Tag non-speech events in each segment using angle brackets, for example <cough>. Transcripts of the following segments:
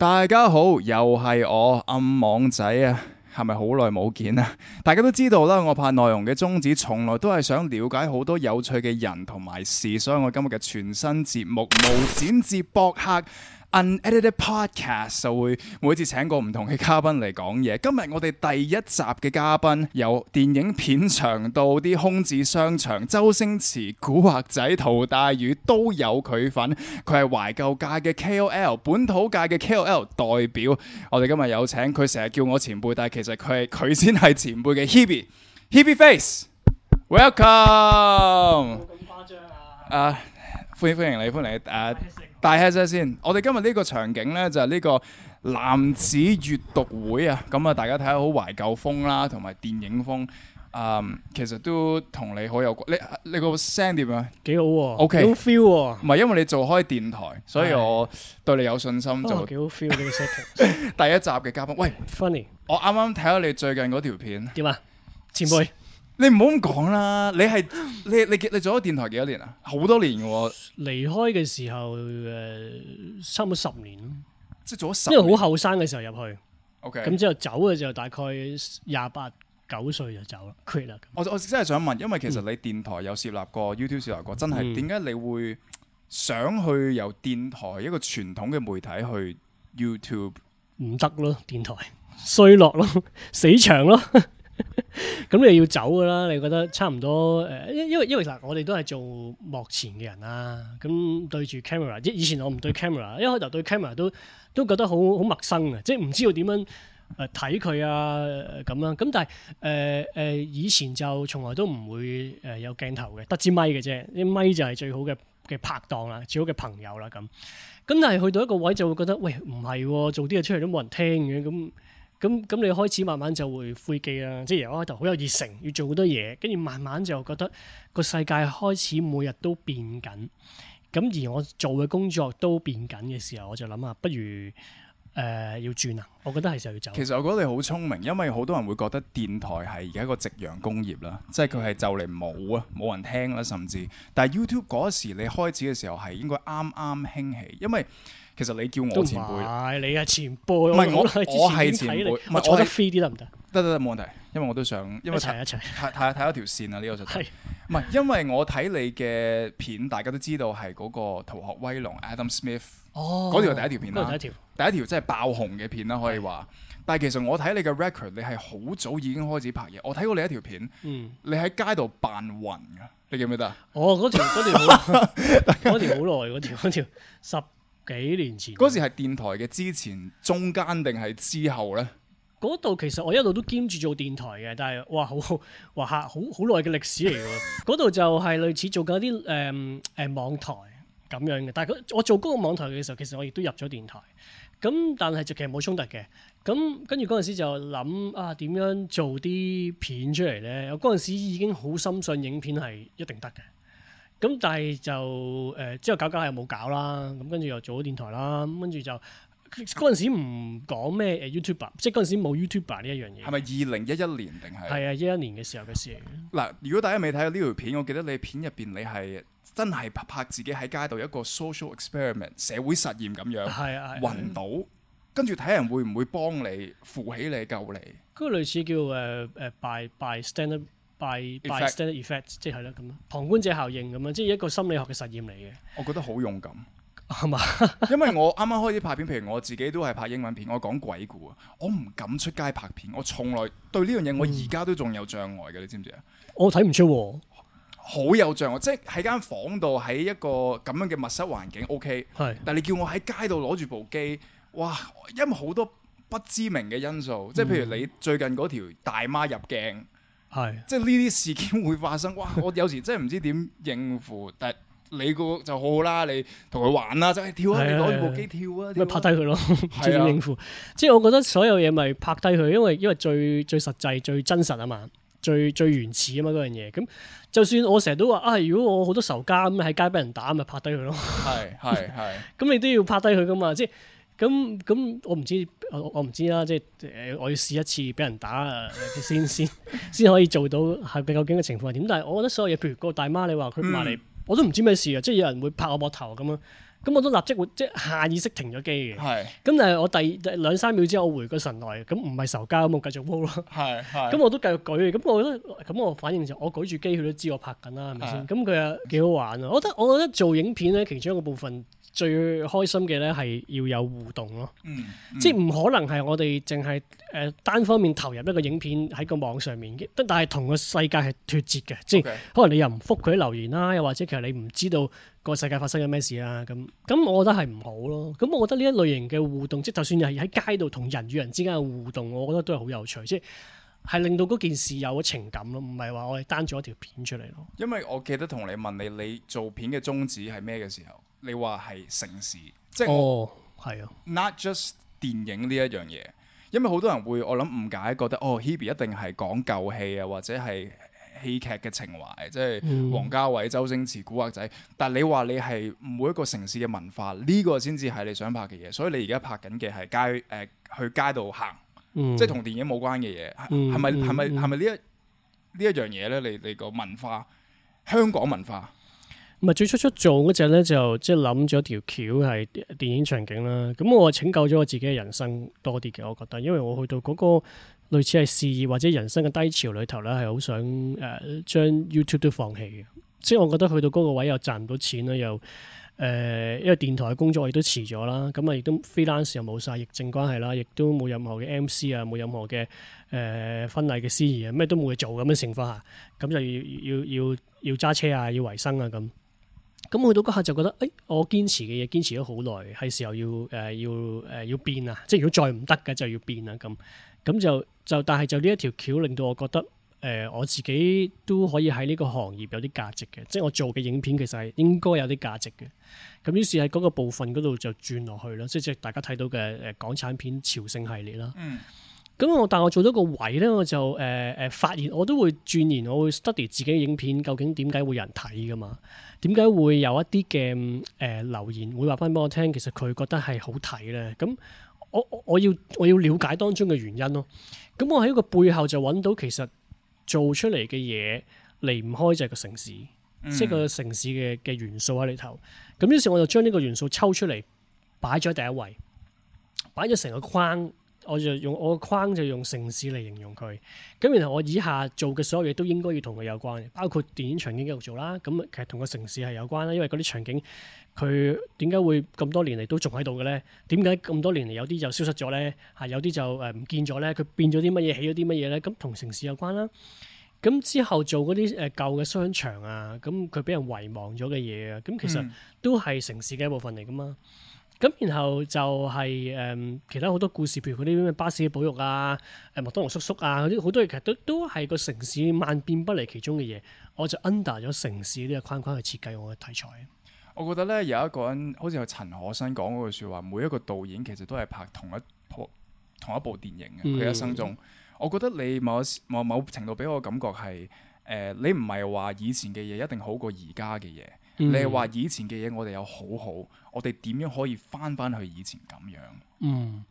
大家好，又係我暗網仔啊，係咪好耐冇見啊？大家都知道啦，我拍內容嘅宗旨，從來都係想了解好多有趣嘅人同埋事，所以我今日嘅全新節目無剪接博客。Unedited Podcast 就會每次請個唔同嘅嘉賓嚟講嘢。今日我哋第一集嘅嘉賓由電影片場到啲空置商場，周星馳、古惑仔、陶大宇都有佢份。佢係懷舊界嘅 KOL，本土界嘅 KOL 代表。我哋今日有請佢，成日叫我前輩，但係其實佢係佢先係前輩嘅。Hebe，Hebe Face，Welcome！咁、uh, 誇張啊！啊，歡迎歡迎你，歡迎你啊！Uh, 大聲啲先！我哋今日呢個場景呢，就係呢個男子閱讀會啊，咁啊大家睇下好懷舊風啦，同埋電影風啊、嗯，其實都同你好有關。你你個聲點樣？幾 Okay, 好？OK，好 feel 喎、啊！唔係因為你做開電台，所以我對你有信心做。做、哦、幾好 feel 呢個第一集嘅嘉賓，喂，Funny，我啱啱睇下你最近嗰條片，點啊，前輩？前輩你唔好咁講啦！你係你你你做咗電台幾多年啊、喔？好多年嘅喎。離開嘅時候，誒，差唔多十年咯。即係做咗十年。因為好後生嘅時候入去。OK。咁之後走嘅時候，大概廿八九歲就走啦，quit 啦。我我真係想問，因為其實你電台有設立過、嗯、YouTube 設立過，真係點解你會想去由電台一個傳統嘅媒體去 YouTube？唔得咯，電台衰落咯，死場咯。咁、 <laughs> 嗯、你又要走噶啦。你覺得差唔多誒、呃，因為因為嗱、呃，我哋都係做幕前嘅人啦、啊。咁、嗯、對住 camera，即以前我唔對 camera，一開頭對 camera 都都覺得好好陌生嘅，即係唔知道點樣誒睇佢啊咁樣。咁、呃啊、但係誒誒，以前就從來都唔會誒有鏡頭嘅，得支咪嘅啫。啲咪就係最好嘅嘅拍檔啦，最好嘅朋友啦咁。咁但係去到一個位就會覺得，喂唔係，做啲嘢出嚟都冇人聽嘅咁。咁咁你開始慢慢就會灰機啦，即係由開頭好有熱誠，要做好多嘢，跟住慢慢就覺得個世界開始每日都變緊，咁而我做嘅工作都變緊嘅時候，我就諗下，不如誒、呃、要轉啊！我覺得係時候要走。其實我覺得你好聰明，因為好多人會覺得電台係而家個夕陽工業啦，即係佢係就嚟冇啊，冇人聽啦，甚至。但係 YouTube 嗰時你開始嘅時候係應該啱啱興起，因為。其實你叫我前輩，都唔係你啊前輩，唔係我，我係前輩，唔係坐得 t 啲得唔得？得得得，冇問題，因為我都想，因為一齊睇一條線啊！呢個就係，唔係因為我睇你嘅片，大家都知道係嗰個逃學威龍 Adam Smith，哦，嗰條第一條片啦，第一條，第一條真係爆紅嘅片啦，可以話。但係其實我睇你嘅 record，你係好早已經開始拍嘢，我睇過你一條片，你喺街度扮暈噶，你記唔記得？哦，嗰條條好，條好耐，嗰條條十。幾年前嗰時係電台嘅之前、中間定係之後咧？嗰度其實我一路都兼住做電台嘅，但係哇，好好哇嚇，好好耐嘅歷史嚟喎。嗰度 <laughs> 就係類似做緊啲誒誒網台咁樣嘅，但係我做嗰個網台嘅時候，其實我亦都入咗電台。咁但係就其實冇衝突嘅。咁跟住嗰陣時就諗啊，點樣做啲片出嚟咧？我嗰陣時已經好深信影片係一定得嘅。咁、嗯、但係就誒、呃、之後搞搞又冇搞啦，咁跟住又做咗電台啦，咁跟住就嗰陣時唔講咩誒 YouTuber，即係嗰陣時冇 YouTuber 呢一樣嘢。係咪二零一一年定係？係啊，一一、啊、年嘅、啊、時候嘅事。嗱、啊，如果大家未睇過呢條片，我記得你片入邊你係真係拍自己喺街度一個 social experiment 社會實驗咁樣，係啊，暈倒到，啊、跟住睇下人會唔會幫你扶起你救你。嗰、嗯那個類似叫誒誒、呃呃、by by stand up。即係咯，咁旁觀者效應咁啊，即係一個心理學嘅實驗嚟嘅。我覺得好勇敢，啱啊！因為我啱啱開始拍片，譬如我自己都係拍英文片，我講鬼故啊，我唔敢出街拍片，我從來對呢樣嘢，我而家都仲有障礙嘅，嗯、你知唔知啊？我睇唔出喎，好有障礙！即係喺間房度，喺一個咁樣嘅密室環境，OK，係是。但係你叫我喺街度攞住部機，哇！因為好多不知名嘅因素，即係譬如你最近嗰條大媽入鏡。嗯係，是即係呢啲事件會發生，哇！我有時真係唔知點應付， <laughs> 但係你個就好好啦，你同佢玩啦，就係跳啊，攞住部機跳啊，咪的、啊、拍低佢咯，是的 知點應付。即係我覺得所有嘢咪拍低佢，因為因為最最實際、最真實啊嘛，最最原始啊嘛嗰樣嘢。咁就算我成日都話啊，如果我好多仇家咁喺街俾人打，咪拍低佢咯。係係係。咁你都要拍低佢㗎嘛？即係。咁咁我唔知我我唔知啦，即係呃、我要試一次俾人打啊，先先先可以做到係究竟嘅情況係點？但係我覺得所有嘢，譬如個大媽你話佢唔話你，嗯、我都唔知咩事啊，即係有人會拍我膊頭咁樣。咁我都立即會，即係下意識停咗機嘅，咁是但係我第兩三秒之後我回個神來，咁唔係仇家咁，我繼續 call 咯，咁我都繼續舉，咁我覺得咁我反應就我舉住機，佢都知我拍緊啦，係咪先？咁佢啊幾好玩啊！我覺得我覺得做影片咧，其中一個部分最開心嘅咧係要有互動咯，嗯嗯、即係唔可能係我哋淨係誒單方面投入一個影片喺個網上面嘅，但係同個世界係脫節嘅，嗯、即係可能你又唔覆佢留言啦，又或者其實你唔知道。個世界發生緊咩事啊？咁咁，我覺得係唔好咯。咁我覺得呢一類型嘅互動，即、就係、就算係喺街度同人與人之間嘅互動，我覺得都係好有趣，即係令到嗰件事有情感咯，唔係話我哋單做一條片出嚟咯。因為我記得同你問你，你做片嘅宗旨係咩嘅時候，你話係城市，即係哦，係啊，not just 電影呢一樣嘢，因為好多人會我諗誤解，覺得哦 Hebe 一定係講舊戲啊，或者係。戲劇嘅情懷，即係王家衛、周星馳、古惑仔，但係你話你係每一個城市嘅文化，呢、這個先至係你想拍嘅嘢。所以你而家拍緊嘅係街誒、呃，去街度行，嗯、即係同電影冇關嘅嘢。係咪係咪係咪呢一呢一樣嘢咧？你你個文化，香港文化。唔係最初出做嗰陣咧，就即係諗咗條橋係電影場景啦。咁我拯救咗我自己嘅人生多啲嘅，我覺得，因為我去到嗰、那個。類似係事業或者人生嘅低潮裏頭咧，係好想誒將 YouTube 都放棄嘅。即係我覺得去到嗰個位又賺唔到錢啦，又誒因為電台嘅工作亦都辭咗啦。咁啊，亦都 freelance 又冇晒疫症關係啦，亦都冇任何嘅 MC 啊，冇任何嘅誒婚禮嘅司儀啊，咩都冇嘅做咁嘅情況下，咁就要要要要揸車啊，要維生啊咁。咁去到嗰刻就覺得誒，我堅持嘅嘢堅持咗好耐，係時候要誒要誒要變啊！即係如果再唔得嘅就要變啊咁。咁就就，但係就呢一條橋，令到我覺得，誒、呃、我自己都可以喺呢個行業有啲價值嘅，即係我做嘅影片其實係應該有啲價值嘅。咁於是喺嗰個部分嗰度就轉落去囉，即係大家睇到嘅誒、呃、港產片朝聖系列啦。咁、嗯、我但我做咗個位咧，我就誒誒、呃呃、發現，我都會轉言，我會 study 自己嘅影片，究竟點解會有人睇噶嘛？點解會有一啲嘅誒留言會話翻俾我聽？其實佢覺得係好睇咧。咁、嗯我我要我要了解當中嘅原因咯，咁我喺個背後就揾到其實做出嚟嘅嘢離唔開就係個城市，嗯、即係個城市嘅嘅元素喺裏頭，咁於是我就將呢個元素抽出嚟，擺咗第一位，擺咗成個框。我就用我個框就用城市嚟形容佢，咁原來我以下做嘅所有嘢都應該要同佢有關嘅，包括電影場景繼續做啦。咁其實同個城市係有關啦，因為嗰啲場景佢點解會咁多年嚟都仲喺度嘅咧？點解咁多年嚟有啲就消失咗咧？嚇有啲就誒唔見咗咧？佢變咗啲乜嘢？起咗啲乜嘢咧？咁同城市有關啦。咁之後做嗰啲誒舊嘅商場啊，咁佢俾人遺忘咗嘅嘢啊，咁其實都係城市嘅一部分嚟㗎嘛。嗯咁然後就係、是、誒、嗯、其他好多故事，譬如嗰啲咩巴士保育啊、麥當勞叔叔啊，嗰啲好多嘢其實都都係個城市萬變不離其中嘅嘢。我就 under 咗城市呢個框框去設計我嘅題材。我覺得咧有一個人好似有陳可辛講嗰句説話，每一個導演其實都係拍同一部同一部電影嘅佢一生中。嗯、我覺得你某某某程度俾我嘅感覺係誒、呃，你唔係話以前嘅嘢一定好過而家嘅嘢。嗯、你係話以前嘅嘢，我哋有好好，我哋點樣可以翻翻去以前咁樣？嗯，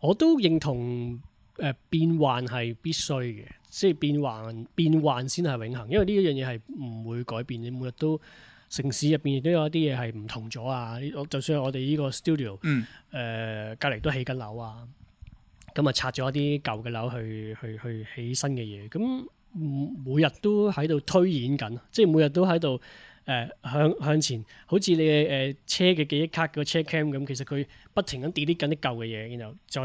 我都認同誒、呃、變幻係必須嘅，即係變幻變幻先係永恆，因為呢一樣嘢係唔會改變，你每日都城市入邊亦都有一啲嘢係唔同咗啊！我就算我哋呢個 studio，嗯，隔離、呃、都起緊樓啊，咁、嗯、啊、嗯、拆咗一啲舊嘅樓去去去起新嘅嘢，咁每日都喺度推演緊，即係每日都喺度。誒、呃、向向前，好似你嘅誒、呃、車嘅記憶卡個車 cam 咁，其實佢不停咁 delete 緊啲舊嘅嘢，然後再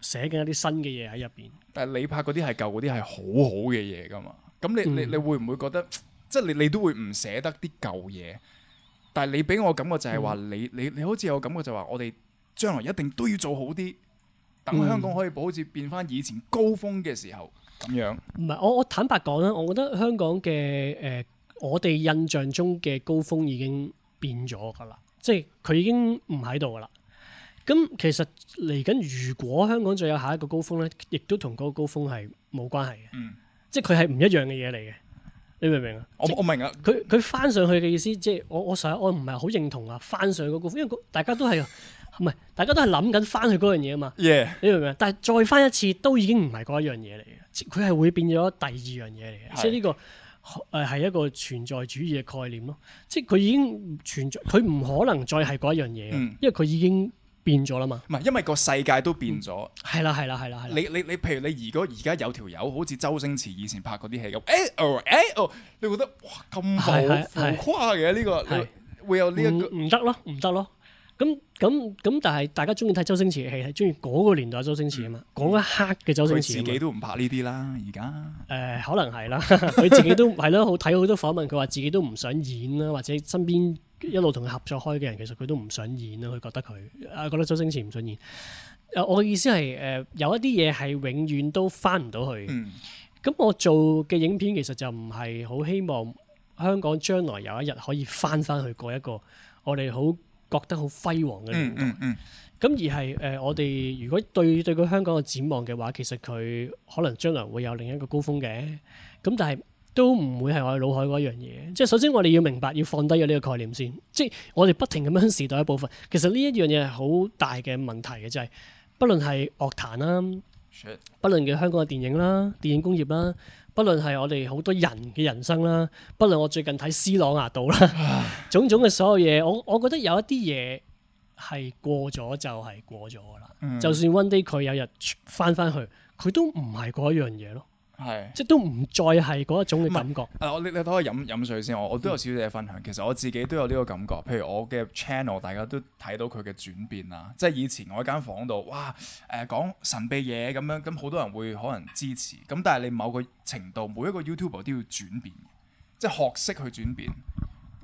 寫緊一啲新嘅嘢喺入邊。但係你拍嗰啲係舊嗰啲係好好嘅嘢㗎嘛？咁你、嗯、你你會唔會覺得，即係你你都會唔捨得啲舊嘢？但係你俾我感覺就係話、嗯，你你你好似有感覺就話，我哋將來一定都要做好啲，等香港可以保好似、嗯、變翻以前高峰嘅時候咁樣。唔係、嗯，我我坦白講啦，我覺得香港嘅誒、呃呃我哋印象中嘅高峰已經變咗噶啦，嗯、即係佢已經唔喺度噶啦。咁其實嚟緊，如果香港再有下一個高峰咧，亦都同嗰個高峰係冇關係嘅。嗯，即係佢係唔一樣嘅嘢嚟嘅。你明唔明啊？我我明啊。佢佢翻上去嘅意思，即係我我想，我唔係好認同啊。翻上去個高峰，因為大家都係唔係，大家都係諗緊翻去嗰樣嘢啊嘛。Yeah，你明唔明？但係再翻一次，都已經唔係嗰一樣嘢嚟嘅。佢係會變咗第二樣嘢嚟嘅，即係呢個。誒係一個存在主義嘅概念咯，即係佢已經存在，佢唔可能再係嗰一樣嘢，嗯、因為佢已經變咗啦嘛。唔係，因為個世界都變咗。係、嗯、啦，係啦，係啦，係。你你你，譬如你如果而家有條友好似周星馳以前拍嗰啲戲咁，誒哦誒哦，你覺得哇咁浮浮誇嘅呢個，係係會有呢、呢、一個唔唔得咯，唔得咯。咁咁咁，但係大家中意睇周星馳嘅戲，係中意嗰個年代周星馳啊嘛，講、嗯、一刻嘅周星馳自己都唔拍呢啲啦，而家。誒、呃，可能係啦，佢自己都係咯，好睇好多訪問，佢話自己都唔想演啦，或者身邊一路同佢合作開嘅人，其實佢都唔想演啦，佢覺得佢，啊，覺得周星馳唔想演。誒、呃，我嘅意思係，誒、呃，有一啲嘢係永遠都翻唔到去。咁、嗯、我做嘅影片其實就唔係好希望香港將來有一日可以翻翻去嗰一個，我哋好。覺得好輝煌嘅年代，咁、嗯嗯嗯、而係誒、呃、我哋如果對對個香港嘅展望嘅話，其實佢可能將來會有另一個高峰嘅，咁但係都唔會係我哋腦海嗰樣嘢。即係首先我哋要明白要放低咗呢個概念先。即係我哋不停咁樣時代一部分，其實呢一樣嘢係好大嘅問題嘅，就係、是、不論係樂壇啦，不論嘅香港嘅電影啦、電影工業啦。不論係我哋好多人嘅人生啦，不論我最近睇《斯朗牙島》啦， <laughs> 種種嘅所有嘢，我我覺得有一啲嘢係過咗就係過咗噶啦，嗯、就算 one day 佢有日翻翻去，佢都唔係嗰一樣嘢咯。係，是即都唔再係嗰一種嘅感覺。啊，你我你你可以飲飲水先，我我都有少少嘢分享。嗯、其實我自己都有呢個感覺，譬如我嘅 channel，大家都睇到佢嘅轉變啦。即係以前我喺間房度，哇，誒、呃、講神秘嘢咁樣，咁好多人會可能支持。咁但係你某個程度，每一個 YouTuber 都要轉變，即係學識去轉變。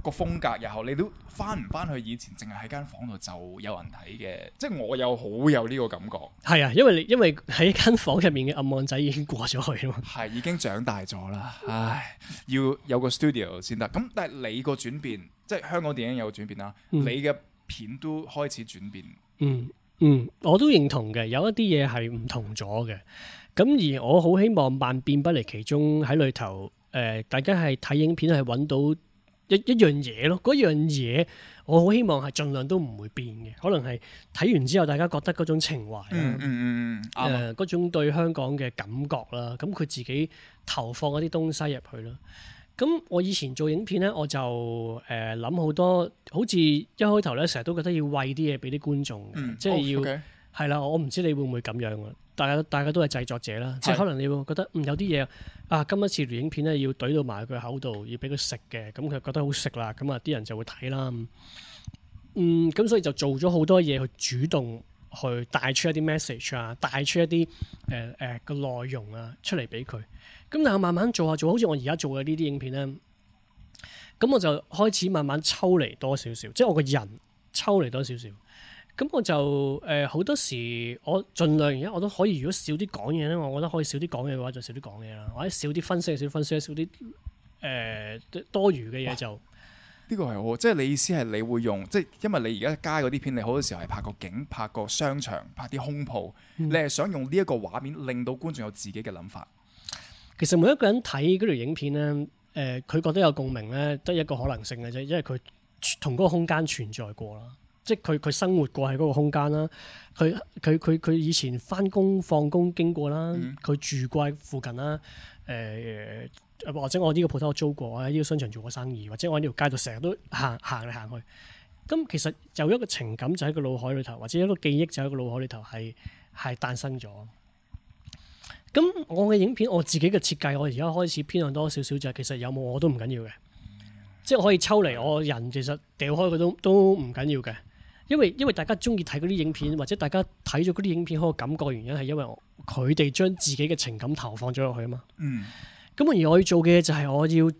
個風格，然後你都翻唔翻去以前，淨係喺間房度就有人睇嘅，即係我有好有呢個感覺。係啊，因為你因為喺間房入面嘅暗網仔已經過咗去咯。係已經長大咗啦，唉，要有個 studio 先得。咁但係你個轉變，即係香港電影有個轉變啦，嗯、你嘅片都開始轉變。嗯嗯，我都認同嘅，有一啲嘢係唔同咗嘅。咁而我好希望萬變不離其中喺裏頭，誒、呃，大家係睇影片係揾到。一一樣嘢咯，嗰樣嘢我好希望係盡量都唔會變嘅，可能係睇完之後大家覺得嗰種情懷、啊嗯，嗯嗯嗯嗯，啱啊，嗰、呃、種對香港嘅感覺啦、啊，咁、嗯、佢自己投放一啲東西入去啦。咁、嗯、我以前做影片咧，我就誒諗好多，好似一開頭咧，成日都覺得要餵啲嘢俾啲觀眾，嗯、即係要係、哦 okay. 啦，我唔知你會唔會咁樣嘅、啊。大家大家都係製作者啦，即係可能你會覺得是嗯有啲嘢啊，今次條影片咧要懟到埋佢口度，要俾佢食嘅，咁佢覺得好食啦，咁啊啲人就會睇啦。嗯，咁、嗯、所以就做咗好多嘢去主動去帶出一啲 message 啊，帶出一啲誒誒個內容啊出嚟俾佢。咁但係慢慢做下做，好似我而家做嘅呢啲影片咧，咁我就開始慢慢抽離多少少，即係我個人抽離多少少。咁我就誒好、呃、多時我盡量，我盡量而家我都可以，如果少啲講嘢咧，我覺得可以少啲講嘢嘅話，就少啲講嘢啦。或者少啲分析，少啲分析，少啲誒、呃、多餘嘅嘢就。呢、這個係好，即係你意思係你會用，即係因為你而家加嗰啲片，你好多時候係拍個景、拍個商場、拍啲空鋪，嗯、你係想用呢一個畫面令到觀眾有自己嘅諗法。其實每一個人睇嗰條影片咧，誒、呃、佢覺得有共鳴咧，得一個可能性嘅啫，因為佢同嗰個空間存在過啦。即係佢佢生活過喺嗰個空間啦，佢佢佢佢以前翻工放工經過啦，佢住過喺附近啦，誒、呃、或者我呢個鋪頭我租過啊，呢個商場做過生意，或者我喺呢條街度成日都行行嚟行去，咁其實有一個情感就喺個腦海裏頭，或者一個記憶就喺個腦海裏頭係係誕生咗。咁我嘅影片我自己嘅設計，我而家開始偏向多少少就係其實有冇我都唔緊要嘅，即係可以抽離我人，其實掉開佢都都唔緊要嘅。因為因為大家中意睇嗰啲影片，或者大家睇咗嗰啲影片，嗰個感覺原因係因為佢哋將自己嘅情感投放咗落去啊嘛。嗯。咁而我要做嘅就係我要誒、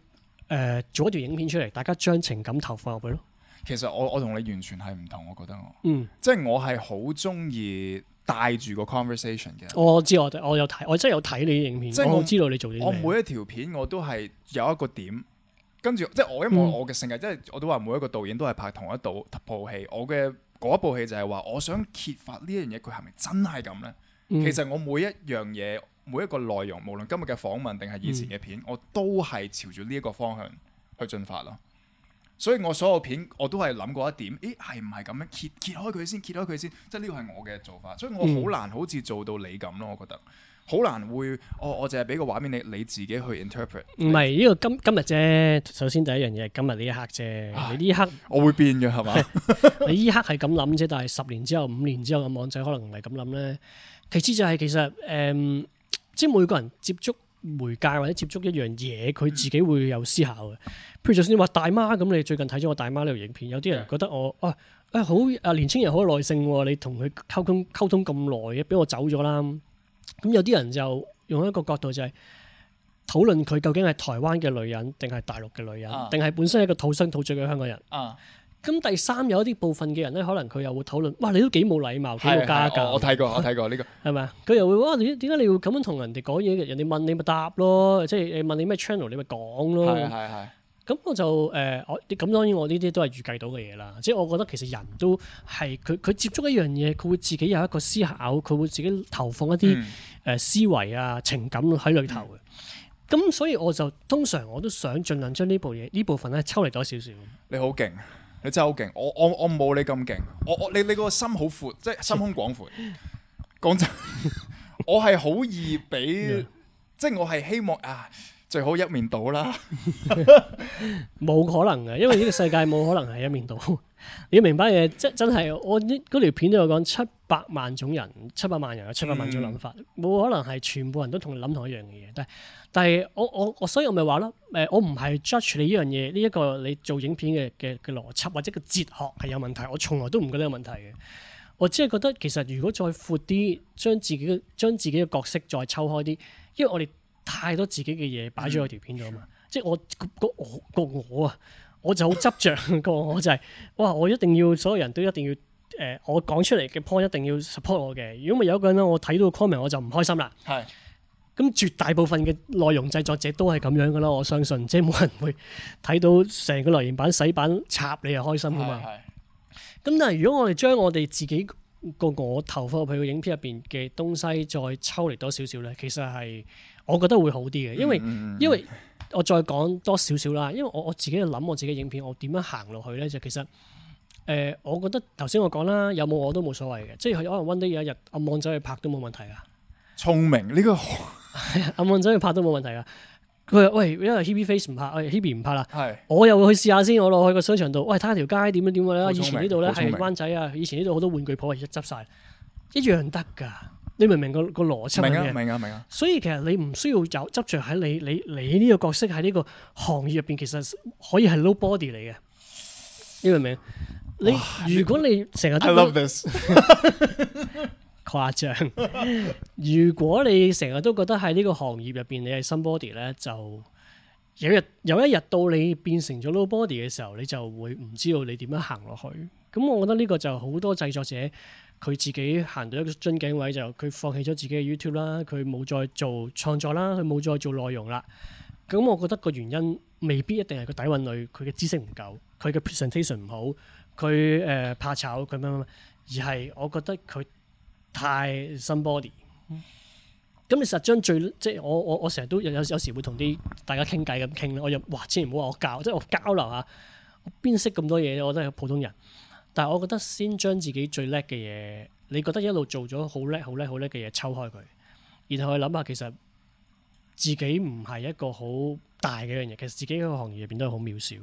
呃、做一條影片出嚟，大家將情感投放入去咯。其實我我同你完全係唔同，我覺得我。嗯。即係我係好中意帶住個 conversation 嘅。我知我我有睇，我真係有睇你啲影片，即係我，我知道你做啲。我每一條片我都係有一個點。跟住，即係我一望我嘅性格，即係、嗯、我都話每一個導演都係拍同一套套戲。我嘅嗰一部戲就係話，我想揭發是是呢一樣嘢，佢係咪真係咁咧？其實我每一樣嘢，每一個內容，無論今日嘅訪問定係以前嘅片，嗯、我都係朝住呢一個方向去進發咯。所以我所有片我都係諗過一點，誒，係唔係咁樣？揭揭開佢先，揭開佢先，即係呢個係我嘅做法。所以我好難好似做到你咁咯，我覺得。嗯好難會，哦、我我淨係俾個畫面你你自己去 interpret。唔係呢個今今日啫，首先第一樣嘢，今日呢一刻啫。唉你呢一刻我會變嘅係嘛？你呢刻係咁諗啫，但係十年之後、五年之後嘅網仔可能唔係咁諗咧。其次就係、是、其實誒、嗯，即係每個人接觸媒介或者接觸一樣嘢，佢自己會有思考嘅。譬如就算你話大媽咁，你最近睇咗我大媽呢條影片，有啲人覺得我啊啊好啊，年青人好耐性，你同佢溝通溝通咁耐嘅，俾我走咗啦。咁有啲人就用一個角度就係討論佢究竟係台灣嘅女人，定係大陸嘅女人，定係、啊、本身係一個土生土長嘅香港人。啊，咁第三有一啲部分嘅人咧，可能佢又會討論，哇，你都幾冇禮貌，幾冇是家教。我睇過，我睇過呢是、呢個係咪佢又會哇，點、啊、解你要咁樣同人哋講嘢？人哋問你咪答咯，即係你問你咩 channel，你咪講咯。係係係。咁我就誒，我、呃、咁當然我呢啲都係預計到嘅嘢啦。即、就、係、是、我覺得其實人都係佢佢接觸一樣嘢，佢會自己有一個思考，佢會自己投放一啲、嗯。誒，思維啊，情感喺裏頭嘅，咁、嗯、所以我就通常我都想盡量將呢部嘢呢部分咧抽離咗少少。你好勁，你真係好勁，我我我冇你咁勁，我我你我我你個心好闊，即係心胸廣闊。講 <laughs> 真，我係好易俾，即係 <laughs> 我係希望啊，最好一面倒啦。冇 <laughs> <laughs> 可能嘅，因為呢個世界冇可能係一面倒。你要明白嘅嘢，即真係我呢嗰條片都有講七百萬種人，七百萬人有七百萬種諗法，嗯、冇可能係全部人都同你諗同一樣嘅嘢。但係但係我我我所以我咪話咯，誒我唔係 judge 你呢樣嘢，呢、這、一個你做影片嘅嘅嘅邏輯或者個哲學係有問題，我從來都唔覺得有問題嘅。我只係覺得其實如果再闊啲，將自己將自己嘅角色再抽開啲，因為我哋太多自己嘅嘢擺咗喺條片度啊嘛，即、嗯、我個我個我啊。 <laughs> 我就好執着，個，我就係、是、哇！我一定要所有人都一定要誒、呃，我講出嚟嘅 point 一定要 support 我嘅。如果咪有一個人咧，我睇到 comment 我就唔開心啦。係是。咁絕大部分嘅內容製作者都係咁樣噶啦，我相信。即係冇人會睇到成個留言板洗版插你又開心噶嘛。係咁是，但係如果我哋將我哋自己個我投放入去嘅影片入邊嘅東西再抽離多少少咧，其實係我覺得會好啲嘅，因為嗯嗯因為。我再講多少少啦，因為我自我自己就諗我自己影片，我點樣行落去咧？就其實，誒、呃，我覺得頭先我講啦，有冇我都冇所謂嘅，即係可能 one day 有一日暗網仔去拍都冇問題噶。聰明呢、這個， <laughs> 暗網仔去拍都冇問題噶。佢話喂，因為 Hebe Face 唔拍、哎、Hebe 唔拍啦。係是我又去試下先，我落去個商場度，喂睇下條街點樣點樣啦。以前呢度咧係灣仔啊，以前呢度好多玩具鋪啊，而家執晒，一樣得噶。你明唔、那個、明個個邏輯，明明啊，明啊！明啊，所以其實你唔需要有執着喺你你你呢個角色喺呢個行業入邊，其實可以係 nobody 嚟嘅。你明唔明？哇你如果你成日都 I love this 誇張，如果你成日都覺得喺呢個行業入邊你係 somebody 咧，就有一有一日到你變成咗 nobody 嘅時候，你就會唔知道你點樣行落去。咁我覺得呢個就好多製作者。佢自己行到一個樽頸位就佢放棄咗自己嘅 YouTube 啦，佢冇再做創作啦，佢冇再做內容啦。咁我覺得個原因未必一定係個底蘊類，佢嘅知識唔夠，佢嘅 presentation 唔好，佢誒、呃、怕醜佢乜乜，而係我覺得佢太 somebody、嗯。咁你實將最即係我我我成日都有有時會同啲大家傾偈咁傾，我又哇，千祈唔好話我教，即係我交流下，我邊識咁多嘢？我真係普通人。但係我覺得先將自己最叻嘅嘢，你覺得一路做咗好叻、好叻、好叻嘅嘢，抽開佢，然後去諗下其實自己唔係一個好大嘅樣嘢，其實自己個行業入邊都係好渺小。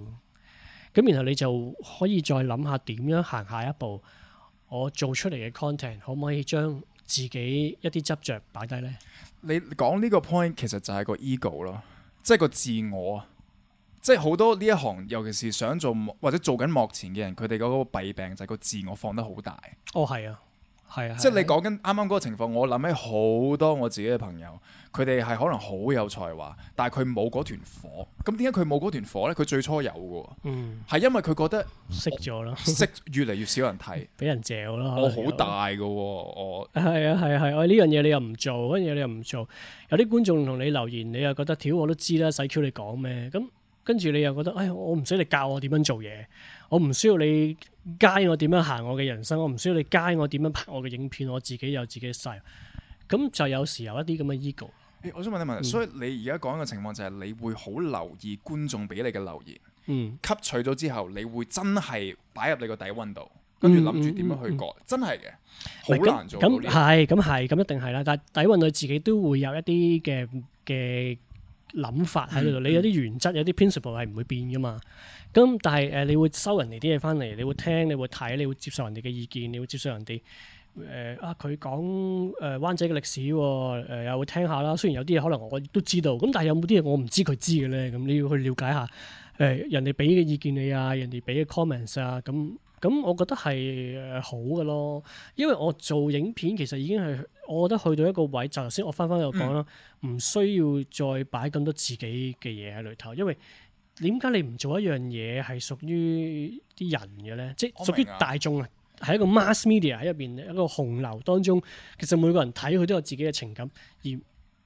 咁然後你就可以再諗下點樣行下一步。我做出嚟嘅 content 可唔可以將自己一啲執着擺低咧？你講呢個 point 其實就係個 ego 咯，即係個自我啊！即係好多呢一行，尤其是想做或者做緊幕前嘅人，佢哋嗰個弊病就係個自我放得好大。哦，係啊，係啊，啊即係你講緊啱啱嗰個情況，我諗起好多我自己嘅朋友，佢哋係可能好有才華，但係佢冇嗰團火。咁點解佢冇嗰團火咧？佢最初有嘅，嗯，係因為佢覺得熄咗啦，熄懂了 <laughs> 越嚟越少人睇，俾 <laughs> 人嚼啦。我好大嘅，了我係啊係啊係，我呢樣嘢你又唔做，嗰樣嘢你又唔做。有啲觀眾同你留言，你又覺得屌我都知啦，使 Q 你講咩咁？跟住你又覺得，哎，我唔需要你教我點樣做嘢，我唔需要你 guide 我點樣行我嘅人生，我唔需要你 guide 我點樣拍我嘅影片，我自己有自己嘅 style 咁就有時有一啲咁嘅 ego。我想問你問，問、嗯、所以你而家講嘅情況就係，你會好留意觀眾俾你嘅留言，嗯，吸取咗之後，你會真係擺入你個底溫度，跟住諗住點樣去改，嗯嗯嗯，嗯真係嘅，好難做。咁係、嗯，咁、嗯、係，咁一定係啦。但係底溫度自己都會有一啲嘅嘅諗法喺度，你有啲原則，有啲 principle 係唔會變噶嘛。咁但係誒、呃，你會收人哋啲嘢翻嚟，你會聽，你會睇，你會接受人哋嘅意見，你會接受人哋誒、呃、啊佢講誒、呃、灣仔嘅歷史喎、哦，又、呃、會聽下啦。雖然有啲嘢可能我都知道，咁但係有冇啲嘢我唔知佢知嘅咧？咁你要去了解下誒、呃、人哋俾嘅意見你啊，人哋俾嘅 comments 啊，咁。咁我覺得係好嘅咯，因為我做影片其實已經係，我覺得去到一個位，就頭先我翻翻又講啦，唔、嗯、需要再擺咁多自己嘅嘢喺裏頭，因為點解你唔做一樣嘢係屬於啲人嘅咧？即係屬於大眾啊，係一個 mass media 喺入邊一個洪流當中，其實每個人睇佢都有自己嘅情感，而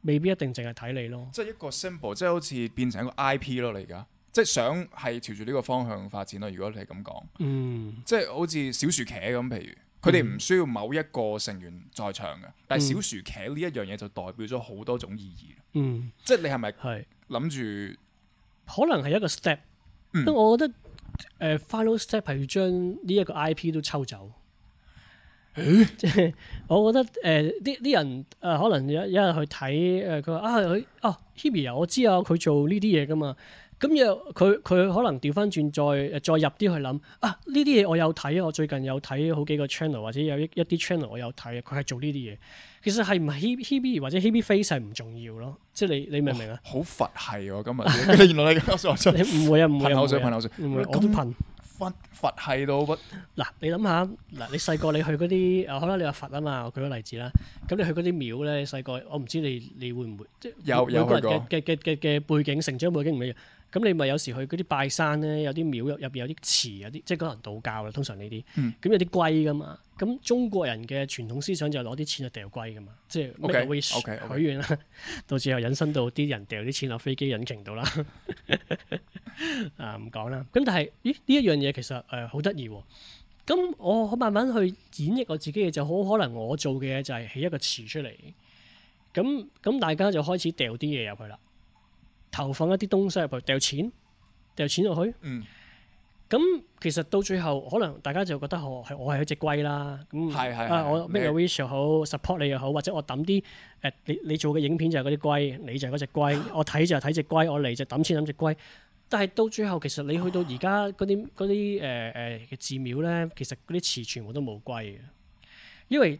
未必一定淨係睇你咯。即係一個 symbol，即係好似變成一個 IP 咯，你而家。即係想係朝住呢個方向發展咯。如果你係咁講，嗯，即係好似小薯茄咁，譬如佢哋唔需要某一個成員在場嘅，嗯、但係小薯茄呢一樣嘢就代表咗好多種意義。嗯，即是是，即係你係咪諗住？可能係一個 step。嗯，我覺得誒 final step 係要將呢一個 IP 都抽走。即、嗯、係 <laughs> <laughs> 我覺得誒，啲、呃、啲人誒、呃，可能有有人去睇誒，佢、呃、話啊哦 Hebe 啊，啊，我知啊，佢做呢啲嘢噶嘛。咁又佢佢可能調翻轉再再入啲去諗啊！呢啲嘢我有睇，我最近有睇好幾個 channel，或者有一啲 channel 我有睇，佢係做呢啲嘢。其實係唔係 Hebe 或者 Hebe face 係唔重要咯。即係你你明唔明啊？好佛系咁今日，原來你咁講你唔會啊？唔會啊？噴口水，噴口水，唔會。我都噴佛佛系到不嗱？你諗下嗱，你細個你去嗰啲可能你話佛啊嘛，我舉個例子啦。咁你去嗰啲廟咧，細個我唔知你你會唔會即有有去過嘅，嘅嘅嘅背景成長背景唔一樣。咁你咪有時去嗰啲拜山咧，有啲廟入入邊有啲池，有啲即係可能道教啦，通常呢啲。咁、嗯、有啲龜噶嘛，咁中國人嘅傳統思想就攞啲錢去掉龜噶嘛，即係 make a wish 許願啦，到最後引申到啲人掉啲錢落飛機引擎度啦。 <laughs> 啊，唔講啦，咁但係咦呢一樣嘢其實誒、呃、好得意喎。咁我慢慢去演繹我自己嘅就好可能我做嘅就係起一個池出嚟。咁咁大家就開始掉啲嘢入去啦。投放一啲東西入去，掉錢，掉錢落去。咁、嗯、其實到最後，可能大家就覺得我係我係一隻龜啦。咁啊、嗯，我 make a wish 又好，support 你又好，或者我抌啲誒你你做嘅影片就係嗰啲龜，你就係嗰隻龜。我睇就係睇隻龜，我嚟就抌錢抌隻龜。但係到最後，其實你去到而家嗰啲嗰啲誒誒寺廟咧，其實嗰啲詞全部都冇龜嘅，因為。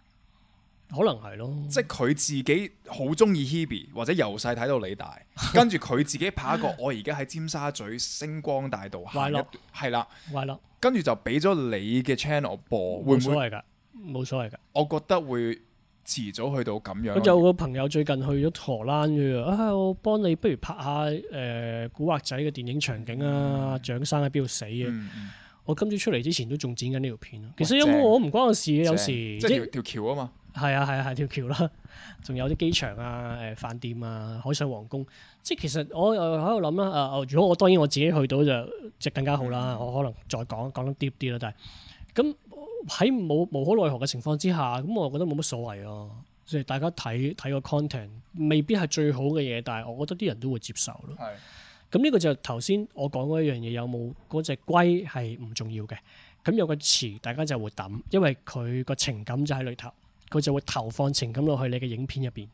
可能係咯，即係佢自己好中意 Hebe，或者由細睇到你大， <laughs> 跟住佢自己拍一個。我而家喺尖沙咀星光大道行，係啦，係啦，跟住就俾咗你嘅 channel 播，會唔會？冇所謂㗎，冇所謂㗎。我覺得會遲早去到咁樣。我有個朋友最近去咗荷蘭嘅，啊、哎，我幫你不如拍下誒、呃、古惑仔嘅電影場景啊，蔣、嗯、生喺邊度死嘅。嗯我今朝出嚟之前都仲剪緊呢條片，其實有冇我唔關我事。哇有時正正即係條，條橋啊嘛，係啊係啊係條橋啦，仲有啲機場啊、誒飯店啊、海上皇宮，即係其實我誒喺度諗啦，誒如果我當然我自己去到就即係更加好啦，的我可能再講講得 deep 啲啦，但係咁喺冇無可奈何嘅情況之下，咁我覺得冇乜所謂咯、啊，即係大家睇睇個 content 未必係最好嘅嘢，但係我覺得啲人都會接受咯。係。咁呢個就頭先我講嗰一樣嘢，有冇嗰隻龜係唔重要嘅，咁有個詞大家就會揼，因為佢個情感就喺裏頭，佢就會投放情感落去你嘅影片入面。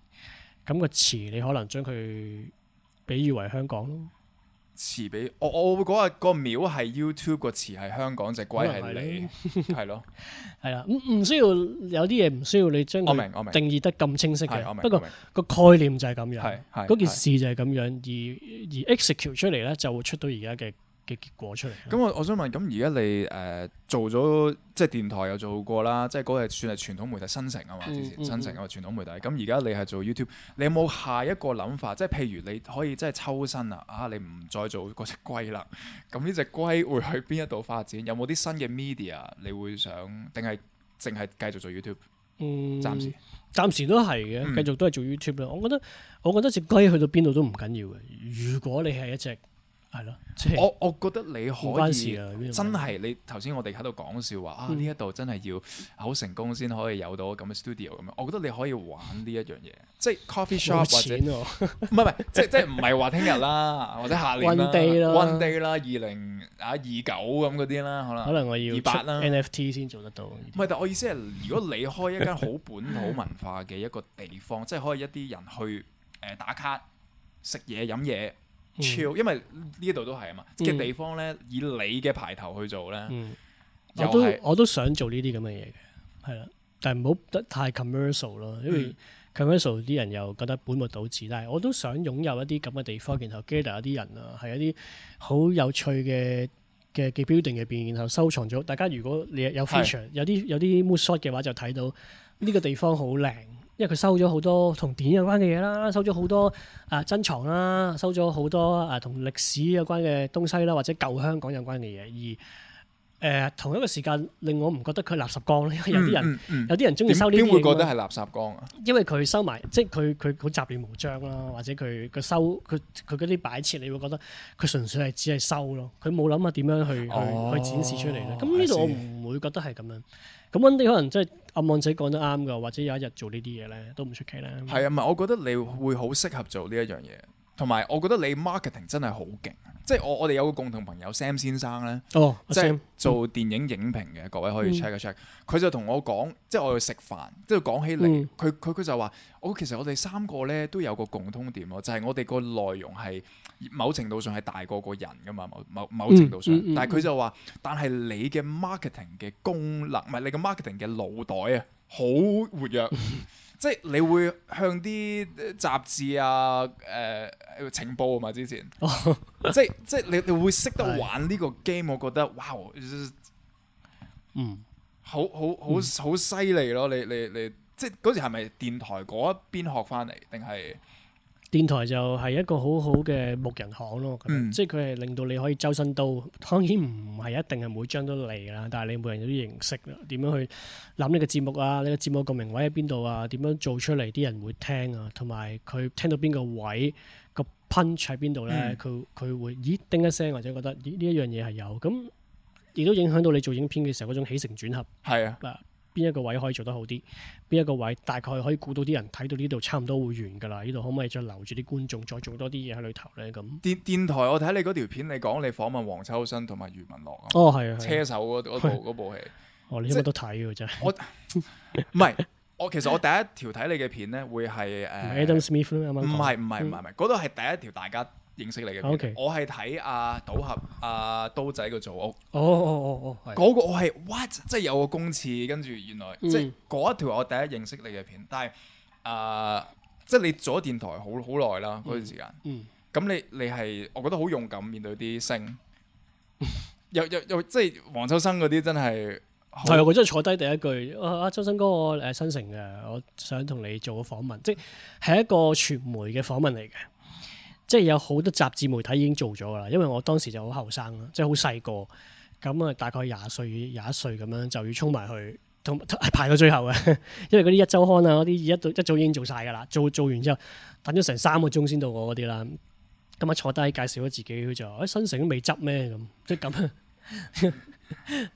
咁、那個詞你可能將佢比喻為香港。詞俾我，我嗰日，嗰個廟係 YouTube 個詞係香港，隻龜係你，係咯，係啦，唔唔需要，有啲嘢唔需要你將，我明我明定義得咁清晰嘅，不過個概念就係咁樣，係嗰件事就係咁樣，樣而而 execute 出嚟咧就會出到而家嘅。嘅結果出嚟。咁我我想問，咁而家你誒、呃、做咗即係電台又做過啦，即係嗰係算係傳統媒體新城啊嘛，之前新城啊嘛傳統媒體。咁而家你係做 YouTube，你有冇下一個諗法？即係譬如你可以即係抽身啊，啊你唔再做嗰隻龜啦。咁呢隻龜會去邊一度發展？有冇啲新嘅 media 你會想？定係淨係繼續做 YouTube？嗯，暫時暫時都係嘅，繼續都係做 YouTube 咯、嗯。我覺得我覺得隻龜去到邊度都唔緊要嘅。如果你係一隻係咯， <music> 我我覺得你可以真係你頭先我哋喺度講笑話啊！呢一度真係要好成功先可以有到咁嘅 studio 咁樣，我覺得你可以玩呢一樣嘢，即係 coffee shop 或者唔係唔係，即即唔係話聽日啦，或者下年啦 <laughs> ，one day 啦，二零啊二九咁嗰啲啦，可能可能我要二八啦 NFT 先做得到。唔係、嗯，但我意思係，如果你開一間好本土 <laughs> 文化嘅一個地方，即係可以一啲人去誒打卡食嘢飲嘢。超，嗯、因為呢度都係啊嘛，嘅、嗯、地方咧，以你嘅排頭去做咧，嗯，就是、我都我都想做呢啲咁嘅嘢嘅，係啦，但係唔好得太 commercial 咯，因為 commercial 啲人又覺得本末倒置，嗯、但係我都想擁有一啲咁嘅地方，然後 gather 一啲人啊，係一啲好有趣嘅嘅嘅 building 入邊，然後收藏咗。大家如果你有 feature 的有啲有啲 mood shot 嘅話就，就睇到呢個地方好靚。因為佢收咗好多同電影有關嘅嘢啦，收咗好多啊珍藏啦，收咗好多啊同歷史有關嘅東西啦，或者舊香港有關嘅嘢。而誒、呃、同一個時間令我唔覺得佢垃圾缸咧，因為有啲人、嗯嗯嗯、有啲人中意收呢啲，點會覺得係垃圾缸啊？因為佢收埋，即係佢佢好雜亂無章啦，或者佢佢收佢佢嗰啲擺設，你會覺得佢純粹係只係收咯，佢冇諗下點樣去去展示出嚟咧。咁呢度我唔會覺得係咁樣。咁温啲可能即係暗網仔講得啱噶，或者有一日做呢啲嘢咧都唔出奇啦。係啊，唔係，我覺得你會好適合做呢一樣嘢。同埋，我覺得你 marketing 真係好勁，即係我我哋有個共同朋友 Sam 先生咧，即係、oh, 做電影影評嘅，各位可以 check 一 check。佢、嗯、就同我講，即係我哋食飯，即係講起嚟，佢佢佢就話：我、哦、其實我哋三個咧都有個共通點咯，就係我哋個內容係某程度上係大過個人噶嘛，某某某程度上。嗯、但係佢就話，但係你嘅 marketing 嘅功能，唔係你嘅 marketing 嘅腦袋啊，好活躍。 <laughs> 即係你會向啲雜誌啊，誒、呃、情報啊嘛，之前， <laughs> 即係即係你你會識得玩呢個 game，我覺得哇，嗯，好好好好犀利咯！你你你，即係嗰時係咪電台嗰一邊學翻嚟定係？電台就係一個好好嘅木人巷咯，嗯、即係佢係令到你可以周身刀，當然唔係一定係每張都嚟啦，但係你每人有啲認識啦，點樣去諗你個節目啊？你個節目個名位喺邊度啊？點樣做出嚟啲人會聽啊？同埋佢聽到邊個位個 punch 喺邊度咧？佢佢、嗯、會咦叮一聲或者覺得呢一樣嘢係有，咁亦都影響到你做影片嘅時候嗰種起承轉合。係啊。邊一個位可以做得好啲？邊一個位大概可以估到啲人睇到呢度差唔多會完㗎啦？呢度可唔可以再留住啲觀眾，再做多啲嘢喺裏頭咧？咁電電台，我睇你嗰條片，你講你訪問黃秋生同埋余文樂啊。哦，係啊，車手嗰部部戲。哦，你應該都睇㗎真係。我唔係，我其實我第一條睇你嘅片咧，會係誒。Adam Smith 咁樣講。唔係唔係唔係唔係，嗰度係第一條大家。認識你嘅片，我係睇阿賭俠阿刀仔個做屋。哦哦哦哦，嗰個我係 what，即係有個公廁，跟住原來即係嗰一條我第一認識你嘅片。但係啊，即係你做咗電台好好耐啦嗰段時間。嗯，咁你你係我覺得好勇敢面對啲聲，又又又，即係黃秋生嗰啲真係係佢真係坐低第一句阿秋生哥誒，新城嘅，我想同你做個訪問，即係係一個傳媒嘅訪問嚟嘅。即係有好多雜誌媒體已經做咗噶啦，因為我當時就好後生咯，即係好細個，咁啊大概廿歲、廿一歲咁樣就要衝埋去，同排到最後嘅，因為嗰啲一周刊啊嗰啲一早一早已經做晒噶啦，做做完之後等咗成三個鐘先到我嗰啲啦。咁啊坐低介紹咗自己，佢就話：哎，新城都未執咩咁，即係咁。 <laughs>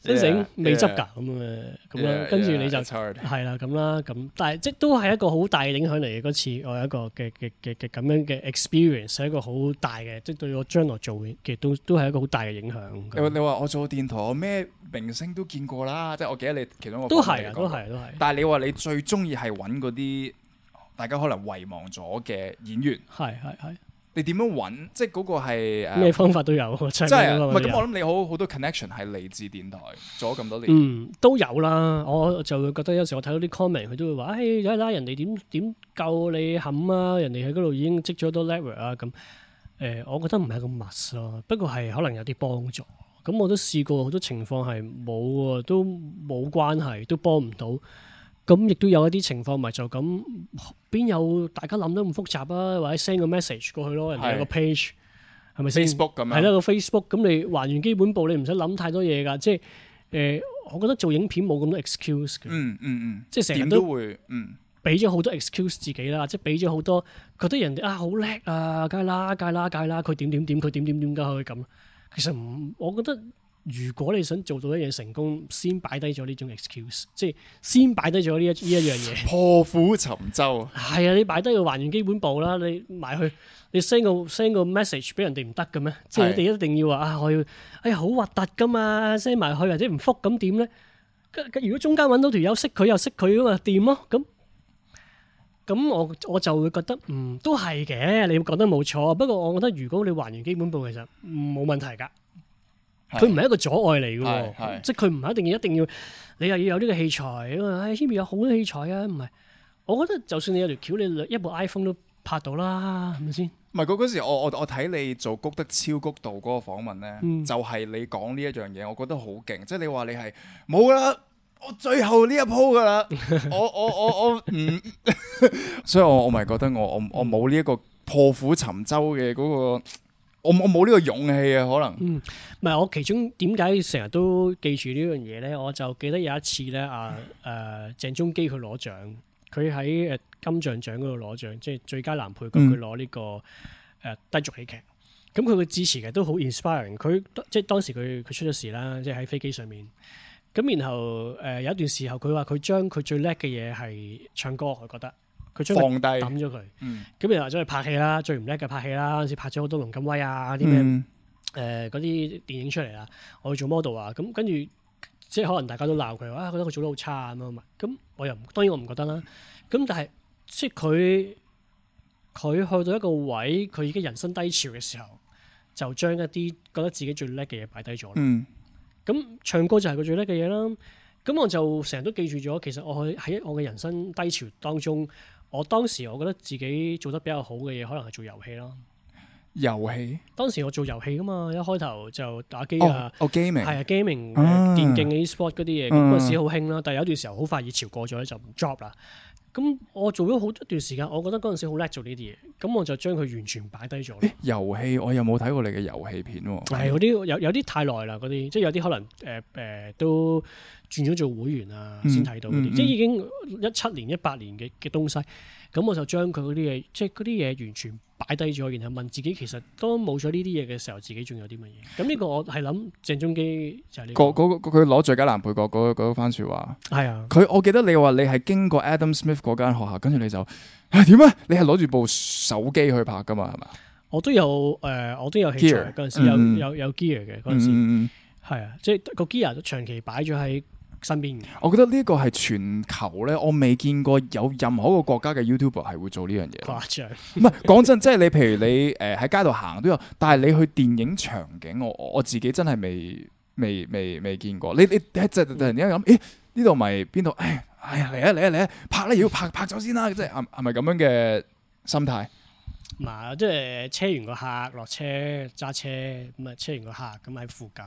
清醒未執噶咁啊，咁樣跟住你就係啦咁啦咁，但係即都係一個好大嘅影響嚟嘅。嗰次我有一個嘅嘅嘅嘅咁樣嘅 experience 係一個好大嘅，即係對我將來做嘅其實都都係一個好大嘅影響。你話我做電台，我咩明星都見過啦，即係我記得你其中一個都係啊，都係啊，都係。但係你話你最中意係搵嗰啲大家可能遺忘咗嘅演員，係係係。你點樣揾？即係嗰個係咩、uh, 方法都有，真係咁？我諗你好好多 connection 係嚟自電台，做咗咁多年，嗯都有啦。我就會覺得有時我睇到啲 comment，佢都會話：哎，睇下人哋點點救你冚啊！人哋喺嗰度已經積咗好多 level 啊咁。誒、呃，我覺得唔係咁密咯，不過係可能有啲幫助。咁我都試過好多情況係冇喎，都冇關係，都幫唔到。咁亦都有一啲情況，咪就咁邊有大家諗得咁複雜啊？或者 send 個 message 過去咯，人哋有個 page，係咪 Facebook 咁啊吧？係啦，個 Facebook 咁你還原基本步，你唔使諗太多嘢噶。即係誒、呃，我覺得做影片冇咁多 excuse 嘅、嗯。嗯嗯嗯。即係成日都會，嗯，俾咗好多 excuse 自己啦，即係俾咗好多覺得人哋啊好叻啊，梗係啦，梗係啦，梗係啦，佢點點點，佢點點點，梗係可以咁。其實唔，我覺得。如果你想做到一樣成功，先擺低咗呢種 excuse，即係先擺低咗呢一呢一樣嘢。破釜沉舟啊！係啊，你擺低個還原基本步啦，你埋去，你 send 個 send 個 message 俾人哋唔得嘅咩？的即係你哋一定要話啊、哎，我要哎呀好核突噶嘛，send 埋去或者唔覆咁點咧？如果中間揾到條友識佢又識佢啊嘛，掂咯。咁咁我我就會覺得嗯都係嘅，你覺得冇錯。不過我覺得如果你還原基本步，其實冇問題㗎。佢唔係一個阻礙嚟嘅，即係佢唔一定要一定要，你又要有呢個器材啊嘛！唉、哎，前面有好多器材啊，唔係，我覺得就算你有條橋，你一部 iPhone 都拍到啦，係咪先？唔係嗰時，我我我睇你做谷得超谷度嗰個訪問咧，嗯、就係你講呢一樣嘢，我覺得好勁。即、就、係、是、你話你係冇啦，我最後呢一鋪㗎啦，我我我我唔，嗯、 <laughs> 所以我我咪覺得我我我冇呢一個破釜沉舟嘅嗰、那個。我我冇呢個勇氣啊，可能。嗯，唔係我其中點解成日都記住呢樣嘢咧？我就記得有一次咧、啊，阿誒鄭中基佢攞獎，佢喺誒金像獎嗰度攞獎，即係最佳男配角，佢攞呢個誒低俗喜劇。咁佢嘅致辭其實都好 inspiring，佢即係當時佢佢出咗事啦，即係喺飛機上面。咁然後誒、呃、有一段時候，佢話佢將佢最叻嘅嘢係唱歌，佢覺得。佢出嚟放低抌咗佢，咁又或者去拍戲啦，嗯、最唔叻嘅拍戲啦，嗰陣時拍咗好多龍金威啊啲咩誒嗰啲電影出嚟啦，我去做 model 啊，咁跟住即係可能大家都鬧佢啊，覺得佢做得好差啊嘛，咁我又當然我唔覺得啦，咁但係即係佢佢去到一個位，佢已經人生低潮嘅時候，就將一啲覺得自己最叻嘅嘢擺低咗啦。咁、嗯、唱歌就係佢最叻嘅嘢啦，咁我就成日都記住咗，其實我喺我嘅人生低潮當中。我當時我覺得自己做得比較好嘅嘢，可能係做遊戲啦。遊戲戲、嗯、當時我做遊戲噶嘛，一開頭就打機啊、oh, oh,，gaming 係啊 g、嗯、aming 電競 sport 嗰啲嘢，嗰、嗯、時好興啦。但係有段時候好快熱潮過咗，就唔 job 啦。咁我做咗好一段時間，我覺得嗰陣時好叻做呢啲嘢，咁我就將佢完全擺低咗咯。遊戲我有冇睇過你嘅遊戲片喎、啊。係嗰啲有有啲太耐啦嗰啲，即係有啲可能誒誒、呃呃、都轉咗做會員啊，先睇、嗯、到啲，嗯嗯、即係已經一七年、一八年嘅嘅東西。咁我就將佢嗰啲嘢，即係嗰啲嘢完全擺低咗，然後問自己其實都冇咗呢啲嘢嘅時候，自己仲有啲乜嘢？咁呢個我係諗鄭中基就係呢、嗰個佢攞最佳男配角嗰番説話。係啊，佢我記得你話你係經過 Adam Smith 嗰間學校，跟住你就啊點啊？你係攞住部手機去拍噶嘛？係嘛、呃？我都有誒，我都 Gear, 有 gear 嗰陣時，有有有 gear 嘅嗰陣時，係、嗯、啊，即係個 gear 長期擺咗喺身邊嘅，我覺得呢個係全球咧，我未見過有任何一個國家嘅 YouTuber 係會做呢樣嘢。誇張，唔係講真，即係你譬如你誒喺街度行都有，但係你去電影場景，我我自己真係未未未未見過。你你一隻突然之間諗，咦？呢度咪邊度？哎呀嚟啊嚟啊嚟啊！拍咧、啊、要拍拍咗、啊、先啦、啊，即係係咪咁樣嘅心態？唔係，即係車完個客落車揸車咁啊，車完個客咁喺附近。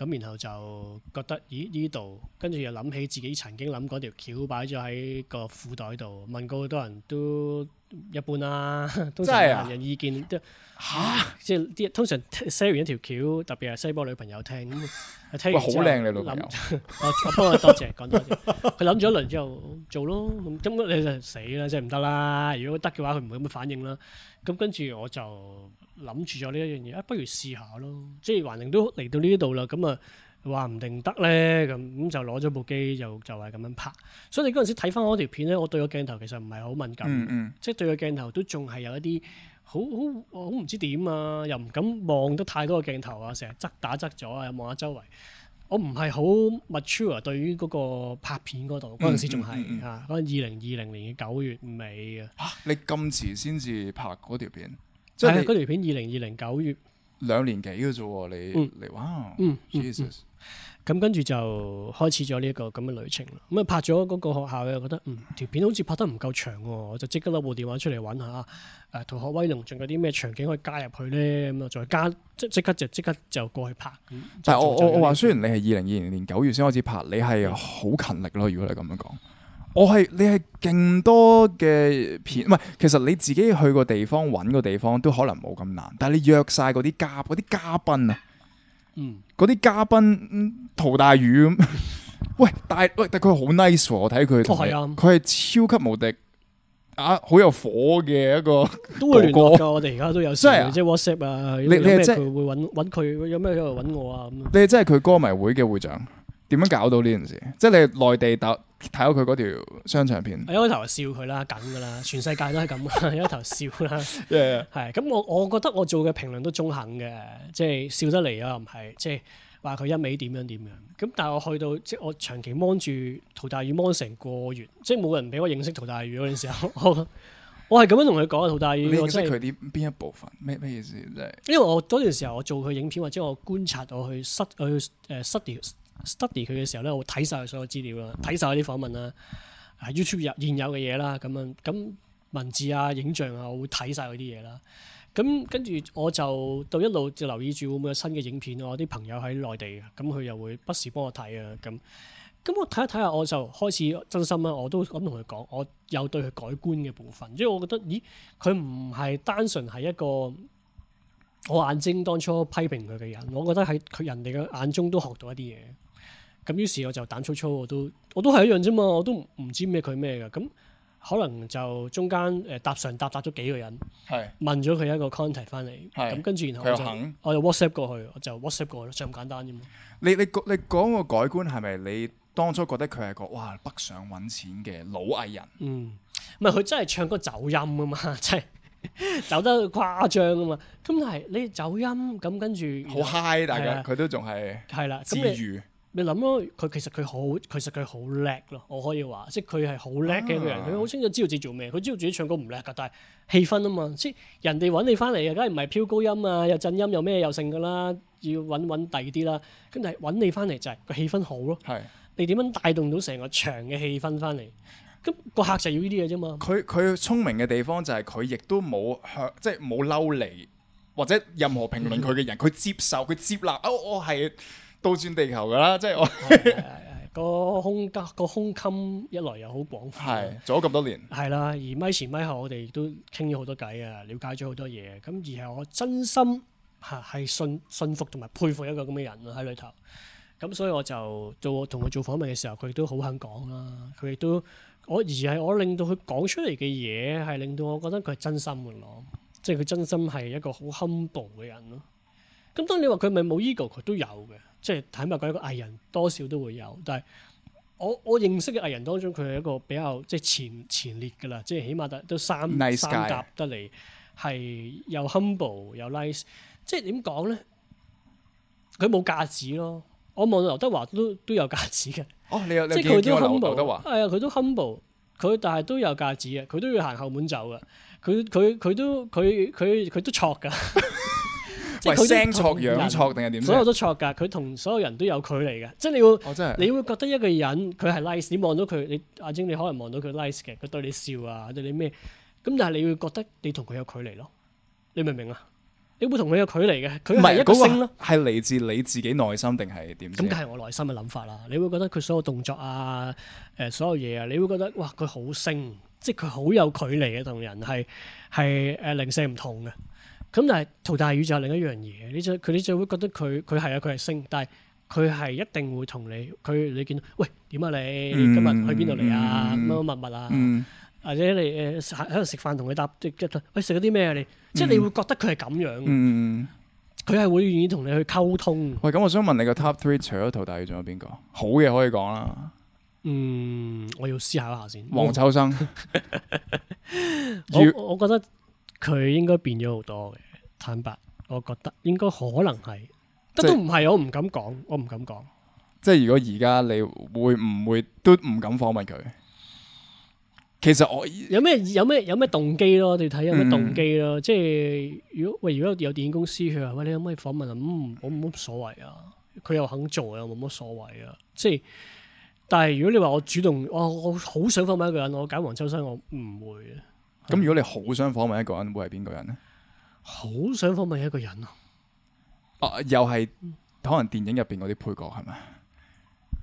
咁然後就覺得，咦，呢度，跟住又諗起自己曾經諗過條橋擺咗喺個褲袋度，問過好多人都。一般啊，都常問人意見、啊、都嚇，蛤即係啲通常 sell 完一條橋，特別係西波女朋友聽咁，聽完好靚你女友， <laughs> 我不過多謝講多謝，佢諗咗一輪之後做咯，咁咁你就死啦，即係唔得啦。如果得嘅話，佢唔會咁嘅反應啦。咁跟住我就諗住咗呢一樣嘢，啊，不如試下咯，即係橫掂都嚟到呢度啦，咁啊。話唔定得咧，咁咁就攞咗部機，就就係咁樣拍。所以你嗰陣時睇翻我條片咧，我對個鏡頭其實唔係好敏感，即係、嗯嗯、對個鏡頭都仲係有一啲好好好唔知點啊，又唔敢望得太多個鏡頭啊，成日側打側咗啊，又望下周圍。我唔係好 mature 對於嗰個拍片嗰度，嗰陣時仲係嚇，嗰陣二零二零年嘅九月尾啊。你咁遲先至拍嗰條片？係啊，嗰條片二零二零九月，兩年幾嘅啫喎，你你、嗯、你哇 Jesus、嗯神咁跟住就開始咗呢一個咁嘅旅程啦。咁啊拍咗嗰個學校嘅，覺得嗯條片好似拍得唔夠長，我就即刻攞部電話出嚟揾下，誒、呃，同學威龍仲有啲咩場景可以加入去咧？咁啊再加即即刻就即刻就過去拍。但係我我我話，雖然你係二零二零年九月先開始拍，嗯、你係好勤力咯。如果你咁樣講，我係你係勁多嘅片，唔係其實你自己去個地方揾個地方都可能冇咁難，但係你約晒嗰啲嘉嗰啲嘉賓啊。嗯，嗰啲嘉賓陶大宇咁，喂大喂，但係佢好 nice 我睇佢，佢係超級無敵啊，好有火嘅一個哥哥，都會聯絡噶，我哋而家都有，即係 WhatsApp 啊，有咩佢會佢你，有咩喺度搵我啊咁。你係真係佢歌迷會嘅會長，點樣搞到呢件事？即係你係內地睇到佢嗰條商場片，我一開頭笑佢啦，梗噶啦，全世界都係咁， <laughs> 一開頭笑啦。誒 <laughs> Yeah, yeah.，係咁我我覺得我做嘅評論都中肯嘅，即係笑得嚟啊，唔係即係話佢一味點樣點樣。咁但係我去到即係我長期 mon 住陶大宇 mon 成個月，即係冇人俾我認識陶大宇嗰陣時候， <laughs> 我我係咁樣同佢講啊，陶大宇，我即係佢啲邊一部分咩咩意思即係？因為我嗰段時候我做佢影片或者我觀察到去失去誒失掉。study 佢嘅時候咧，我會睇晒所有資料啦，睇晒啲訪問啊，YouTube 入現有嘅嘢啦，咁樣，咁文字啊、影像啊，我會睇晒嗰啲嘢啦。咁跟住我就到一路就留意住會唔會有新嘅影片啊。我啲朋友喺內地啊，咁佢又會不時幫我睇啊。咁咁我睇一睇下，我就開始真心啦。我都咁同佢講，我有對佢改觀嘅部分，因為我覺得，咦，佢唔係單純係一個我眼睛當初批評佢嘅人。我覺得喺佢人哋嘅眼中都學到一啲嘢。咁於是我就膽粗粗，我都我都係一樣啫嘛，我都唔知咩佢咩㗎，咁可能就中間誒搭上搭搭咗幾個人，問咗佢一個 contact 翻嚟，咁跟住然後我就又 WhatsApp 過去，我就 WhatsApp 過去，就咁簡單啫嘛。你你講你講個改觀係咪你當初覺得佢係個哇北上揾錢嘅老藝人？嗯，唔係，佢真係唱歌走音啊嘛，真係走得誇張啊嘛。咁但係你走音咁跟住，好嗨，大家佢都仲係係啦，自愈。你諗咯，佢其實佢好，其實佢好叻咯，我可以話，即係佢係好叻嘅一個人，佢好、啊、清楚知道自己做咩，佢知道自己唱歌唔叻噶，但係氣氛啊嘛，即人哋揾你翻嚟啊，梗係唔係飄高音啊，又震音又咩又剩噶啦，要揾揾第二啲啦，咁但係揾你翻嚟就係、是、個氣氛好咯，是你點樣帶動到成個場嘅氣氛翻嚟，咁個客就要呢啲嘢啫嘛。佢佢聰明嘅地方就係佢亦都冇向，即係冇嬲你或者任何評論佢嘅人，佢 <laughs> 接受佢接納，哦我係。倒轉地球噶啦，即、就、係、是、我 <laughs> 空個空間個胸襟一來又好廣闊，係做咗咁多年，係啦。而咪前咪後，我哋都傾咗好多偈啊，了解咗好多嘢。咁而係我真心吓係信信服同埋佩服一個咁嘅人咯喺裏頭。咁所以我就做同佢做訪問嘅時候，佢亦都好肯講啦。佢亦都我而係我令到佢講出嚟嘅嘢，係令到我覺得佢係真心嘅咯。即係佢真心係一個好 humble 嘅人咯。咁當你話佢咪冇 ego，佢都有嘅，即係坦白講，一個藝人多少都會有。但係我我認識嘅藝人當中，佢係一個比較即係前前列嘅啦，即係起碼都三 Nice guy. 三甲得嚟，係又 humble 又 nice，即係點講咧？佢冇架子咯。我望到劉德華都都有架子嘅。哦，你有即係佢都 humble。劉德華係啊，佢都 humble。佢但係都有架子嘅，佢都要行後門走嘅。佢佢佢都佢佢佢都挫㗎。 <laughs> 即係佢聲錯、樣錯定係點咧？所有都錯㗎，佢同所有人都有距離嘅。即係你會，哦、真係你會覺得一個人佢係 nice，你望到佢，你阿晶你可能望到佢 nice 嘅，佢對你笑啊，對你咩？咁但係你會覺得你同佢有距離咯，你明唔明啊？你會同佢有距離嘅，佢唔係一個星咯。係嚟、那個、自你自己內心定係點？咁梗係我內心嘅諗法啦。你會覺得佢所有動作啊、誒所有嘢啊，你會覺得哇，佢好星，即係佢好有距離嘅、啊、同人係係誒零舍唔同嘅。咁、嗯嗯、但係陶大宇就另一樣嘢，你最佢你就會覺得佢佢係啊，佢係星，但係佢係一定會同你佢你見到喂，點啊？你，你今日去邊度嚟啊乜乜、嗯、物物啊，嗯、或者你誒喺度食飯同佢搭，喂，食咗啲咩啊？你？嗯、即係你會覺得佢係咁樣，佢係、嗯、會願意同你去溝通、嗯。喂，咁我想問你個 top three 除咗陶大宇仲有邊個？好嘢可以講啦。嗯，我要思考下先。黃秋生， <laughs> 我我，我覺得。佢應該變咗好多嘅，坦白我覺得應該可能係，即但都唔係，我唔敢講，我唔敢講。即係如果而家你會唔會都唔敢訪問佢？其實我有咩有咩有咩動機咯？我哋睇有咩動機咯？嗯、即係如果喂，如果有電影公司佢話，喂，你可唔可以訪問啊？我冇乜所謂啊。佢又肯做又冇乜所謂啊。即係，但係如果你話我主動，我我好想訪問一個人，我揀黃秋生，我唔會嘅。咁如果你好想訪問一個人，會係邊個人呢？好想訪問一個人啊！啊，又係可能電影入邊嗰啲配角係咪？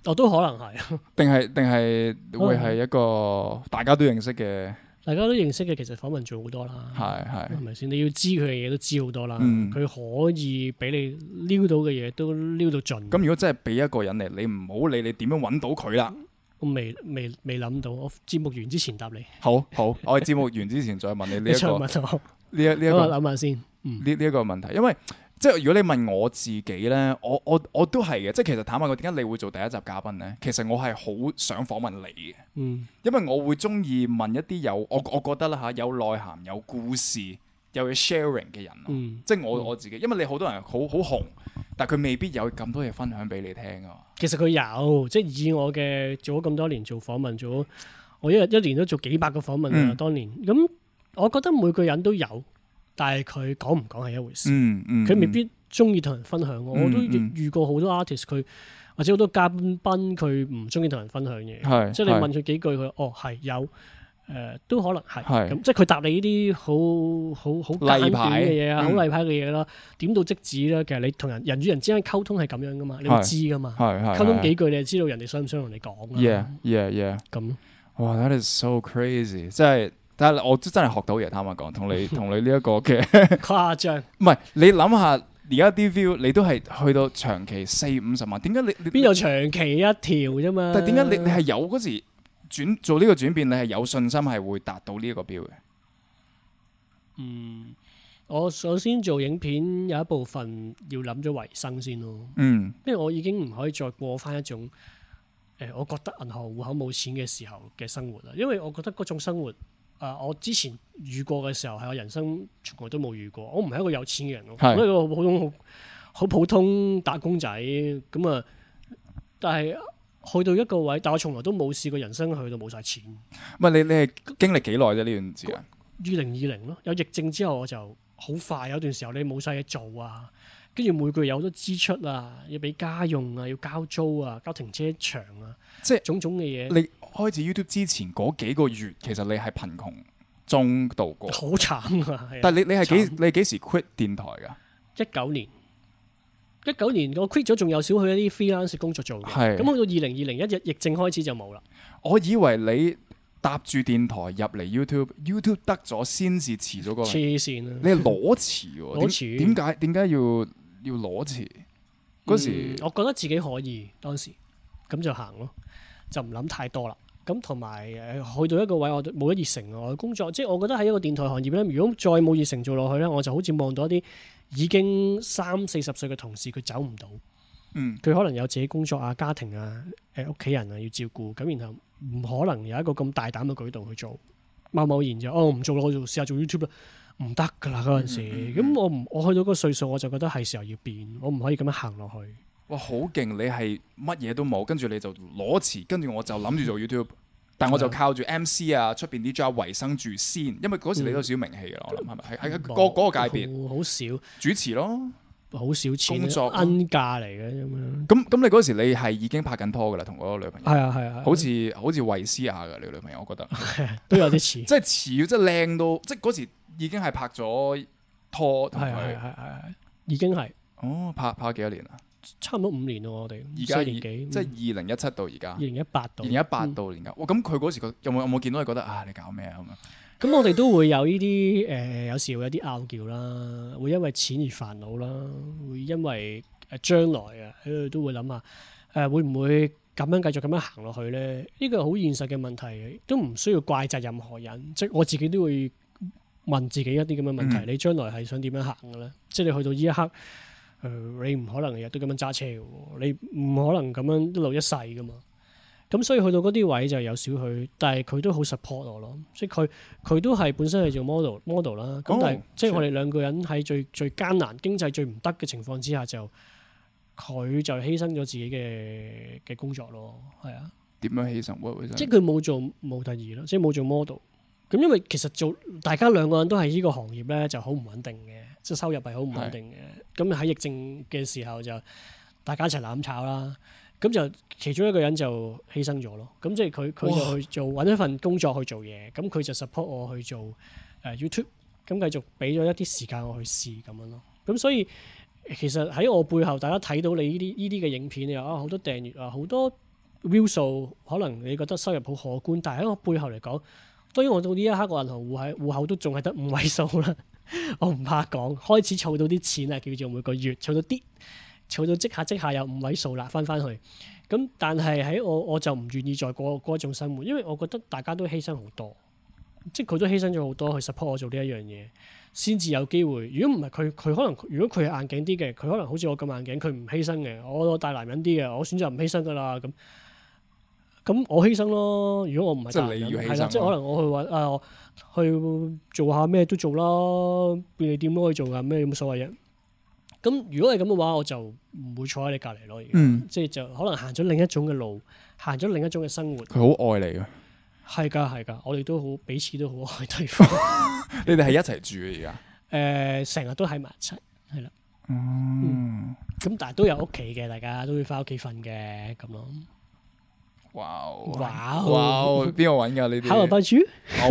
哦，都可能係。定係定係會係一個大家都認識嘅、嗯。大家都認識嘅，其實訪問咗好多啦。係係，係咪先？你要知佢嘅嘢都知好多啦。佢、嗯、可以俾你撩到嘅嘢都撩到盡。咁如果真係俾一個人嚟，你唔好理你點樣揾到佢啦。我未未未諗到，我節目完之前答你。好，好，我節目完之前再問你呢一個。 <laughs> 你問咗？呢一呢一個諗下先。呢呢一個問題，因為即係如果你問我自己咧，我我我都係嘅。即係其實坦白講，點解你會做第一集嘉賓咧？其實我係好想訪問你嘅。嗯。因為我會中意問一啲有我，我覺得啦吓，有內涵有故事。有去 sharing 嘅人，嗯、即係我我自己。嗯、因為你好多人好好紅，但係佢未必有咁多嘢分享俾你聽啊。其實佢有，即、就、係、是、以我嘅做咗咁多年做訪問，做我一日一年都做幾百個訪問啊。嗯、當年咁，嗯、我覺得每個人都有，但係佢講唔講係一回事。佢、嗯嗯、未必中意同人分享。我都遇過好多 artist，佢或者好多嘉賓，佢唔中意同人分享嘅。嗯嗯嗯、即係你問佢幾句，佢哦係有。有有有誒、呃、都可能係咁，嗯、即係佢答你呢啲好好好例牌嘅嘢啊，好例牌嘅嘢啦，嗯、點到即止啦。其實你同人人與人之間溝通係咁樣噶嘛，你會知噶嘛。溝通幾句你就知道人哋想唔想同你講。Yeah, yeah, yeah。咁、嗯、哇，That is so crazy！即係但係我都真係學到嘢，坦白講同你同你呢、這、一個嘅誇張。唔係你諗下，而家啲 view 你都係去到長期四五十萬，點解你邊有長期一條啫嘛？但係點解你你係有嗰時？轉做呢個轉變，你係有信心係會達到呢一個標嘅？嗯，我首先做影片有一部分要諗咗維生先咯。嗯，因為我已經唔可以再過返一種誒、呃，我覺得銀行戶口冇錢嘅時候嘅生活啦。因為我覺得嗰種生活誒、呃，我之前遇過嘅時候係我人生從來都冇遇過。我唔係一個有錢嘅人咯，是我係一個普通好好普通打工仔咁啊。但係。去到一個位，但我從來都冇試過人生去到冇晒錢。唔係你你係經歷幾耐啫呢段時間？二零二零咯，有疫症之後我就好快有段時候你冇晒嘢做啊，跟住每個月有好多支出啊，要俾家用啊，要交租啊，交停車場啊，即係是種種嘅嘢。你開始 YouTube 之前嗰幾個月，其實你係貧窮中度過。好慘啊！但係你你係幾慘，你係幾時 quit 電台㗎？一九年。一九年我 quit 咗，仲有少去一啲 freelance 工作做嘅。係的。咁去到二零二零一日疫症開始就冇啦。我以為你搭住電台入嚟 you YouTube，YouTube 得咗先至辭咗個。黐線啊！你係裸辭喎。裸辭遲。點解？點解要要裸辭？嗰、嗯、時我覺得自己可以，當時咁就行咯，就唔諗太多啦。咁同埋誒去到一個位我，我冇咗熱誠喎。我嘅工作，即係我覺得喺一個電台行業咧，如果再冇熱誠做落去咧，我就好似望到一啲。已經三四十歲嘅同事，佢走唔到。嗯，佢可能有自己工作啊、家庭啊、誒屋企人啊要照顧，咁然後唔可能有一個咁大膽嘅舉動去做，貿貿然就哦唔做啦，我試試做試下做 YouTube 唔得噶啦嗰陣時。咁、嗯嗯嗯、我唔我去到嗰個歲數，我就覺得係時候要變，我唔可以咁樣行落去。哇！好勁，你係乜嘢都冇，跟住你就裸辭，跟住我就諗住做 YouTube。 <laughs> 但我就靠住 MC 啊，出邊啲 job 維生住先，因為嗰時你都有少少名氣嘅，我諗係咪？係個嗰個界別好少主持咯，好少錢工作恩嫁嚟嘅咁樣。咁咁你嗰時你係已經拍緊拖嘅啦，同嗰個女朋友。係啊係啊，好似好似衛詩雅嘅你個女朋友，我覺得都有啲似，即係似，即係靚到，即係嗰時已經係拍咗拖，係係係係已經係。哦，拍拍咗幾多年啦？差唔多五年咯，我哋，而家二即係二零一七到而家，二零一八到二零一八到而家。咁佢嗰時個有冇有冇見到你覺得啊，你搞咩啊咁啊？咁、嗯、 <laughs> 我哋都會有呢啲誒，有時會有啲拗撬啦，會因為錢而煩惱啦，會因為誒將、呃、來啊，誒都會諗下誒、呃、會唔會咁樣繼續咁樣行落去咧？呢個好現實嘅問題，都唔需要怪責任何人。即、就、係、是、我自己都會問自己一啲咁嘅問題：嗯、你將來係想點樣行嘅咧？即係你去到呢一刻。誒、呃，你唔可能日日都咁樣揸車嘅，你唔可能咁樣一路一世噶嘛。咁所以去到嗰啲位就有少許，但係佢都好 support 我咯。即係佢佢都係本身係做 model model 啦。咁但係、oh, 即係我哋兩個人喺最最艱難經濟最唔得嘅情況之下，就佢就犧牲咗自己嘅嘅工作咯。係啊，點樣犧牲？即係佢冇做模特兒咯，即係冇做 model。咁因為其實做大家兩個人都係呢個行業咧，就好唔穩定嘅，即係收入係好唔穩定嘅。咁喺是的 疫症嘅時候就大家一齊攬炒啦。咁就其中一個人就犧牲咗咯。咁即係佢佢就去做搵一份工作去做嘢，咁佢就 support 我去做誒、呃、YouTube。咁繼續俾咗一啲時間我去試咁樣咯。咁所以其實喺我背後，大家睇到你呢啲呢啲嘅影片又啊好多訂閱啊好多 view 數，可能你覺得收入好可觀，但係喺我背後嚟講。所以我到呢一刻個銀行戶喺戶口都仲係得五位數啦，我唔怕講，開始儲到啲錢啊，叫做每個月儲到啲，儲到即下即下有五位數啦，翻翻去。咁但係喺我我就唔願意再過嗰一種生活，因為我覺得大家都犧牲好多，即係佢都犧牲咗好多去 support 我做呢一樣嘢，先至有機會。如果唔係佢佢可能如果佢係硬頸啲嘅，佢可能好似我咁硬頸，佢唔犧牲嘅。我大男人啲嘅，我選擇唔犧牲噶啦咁。咁我犧牲咯，如果我唔係真係你要犧牲，即係可能我去搵誒，呃、我去做下咩都做啦，便利店都可以做噶，咩都冇所謂嘅。咁如果係咁嘅話，我就唔會坐喺你隔籬咯。嗯、即係就可能行咗另一種嘅路，行咗另一種嘅生活。佢好愛你噶，係噶係噶，我哋都好彼此都好愛對方。 <laughs> 你哋係一齊住嘅，呃，而家誒，成日都喺埋一齊，係啦。嗯，咁但係都有屋企嘅，大家都會翻屋企瞓嘅，咁咯。哇！哇 Wow ,、wow,！哇！邊個搵噶呢啲？hello 班主？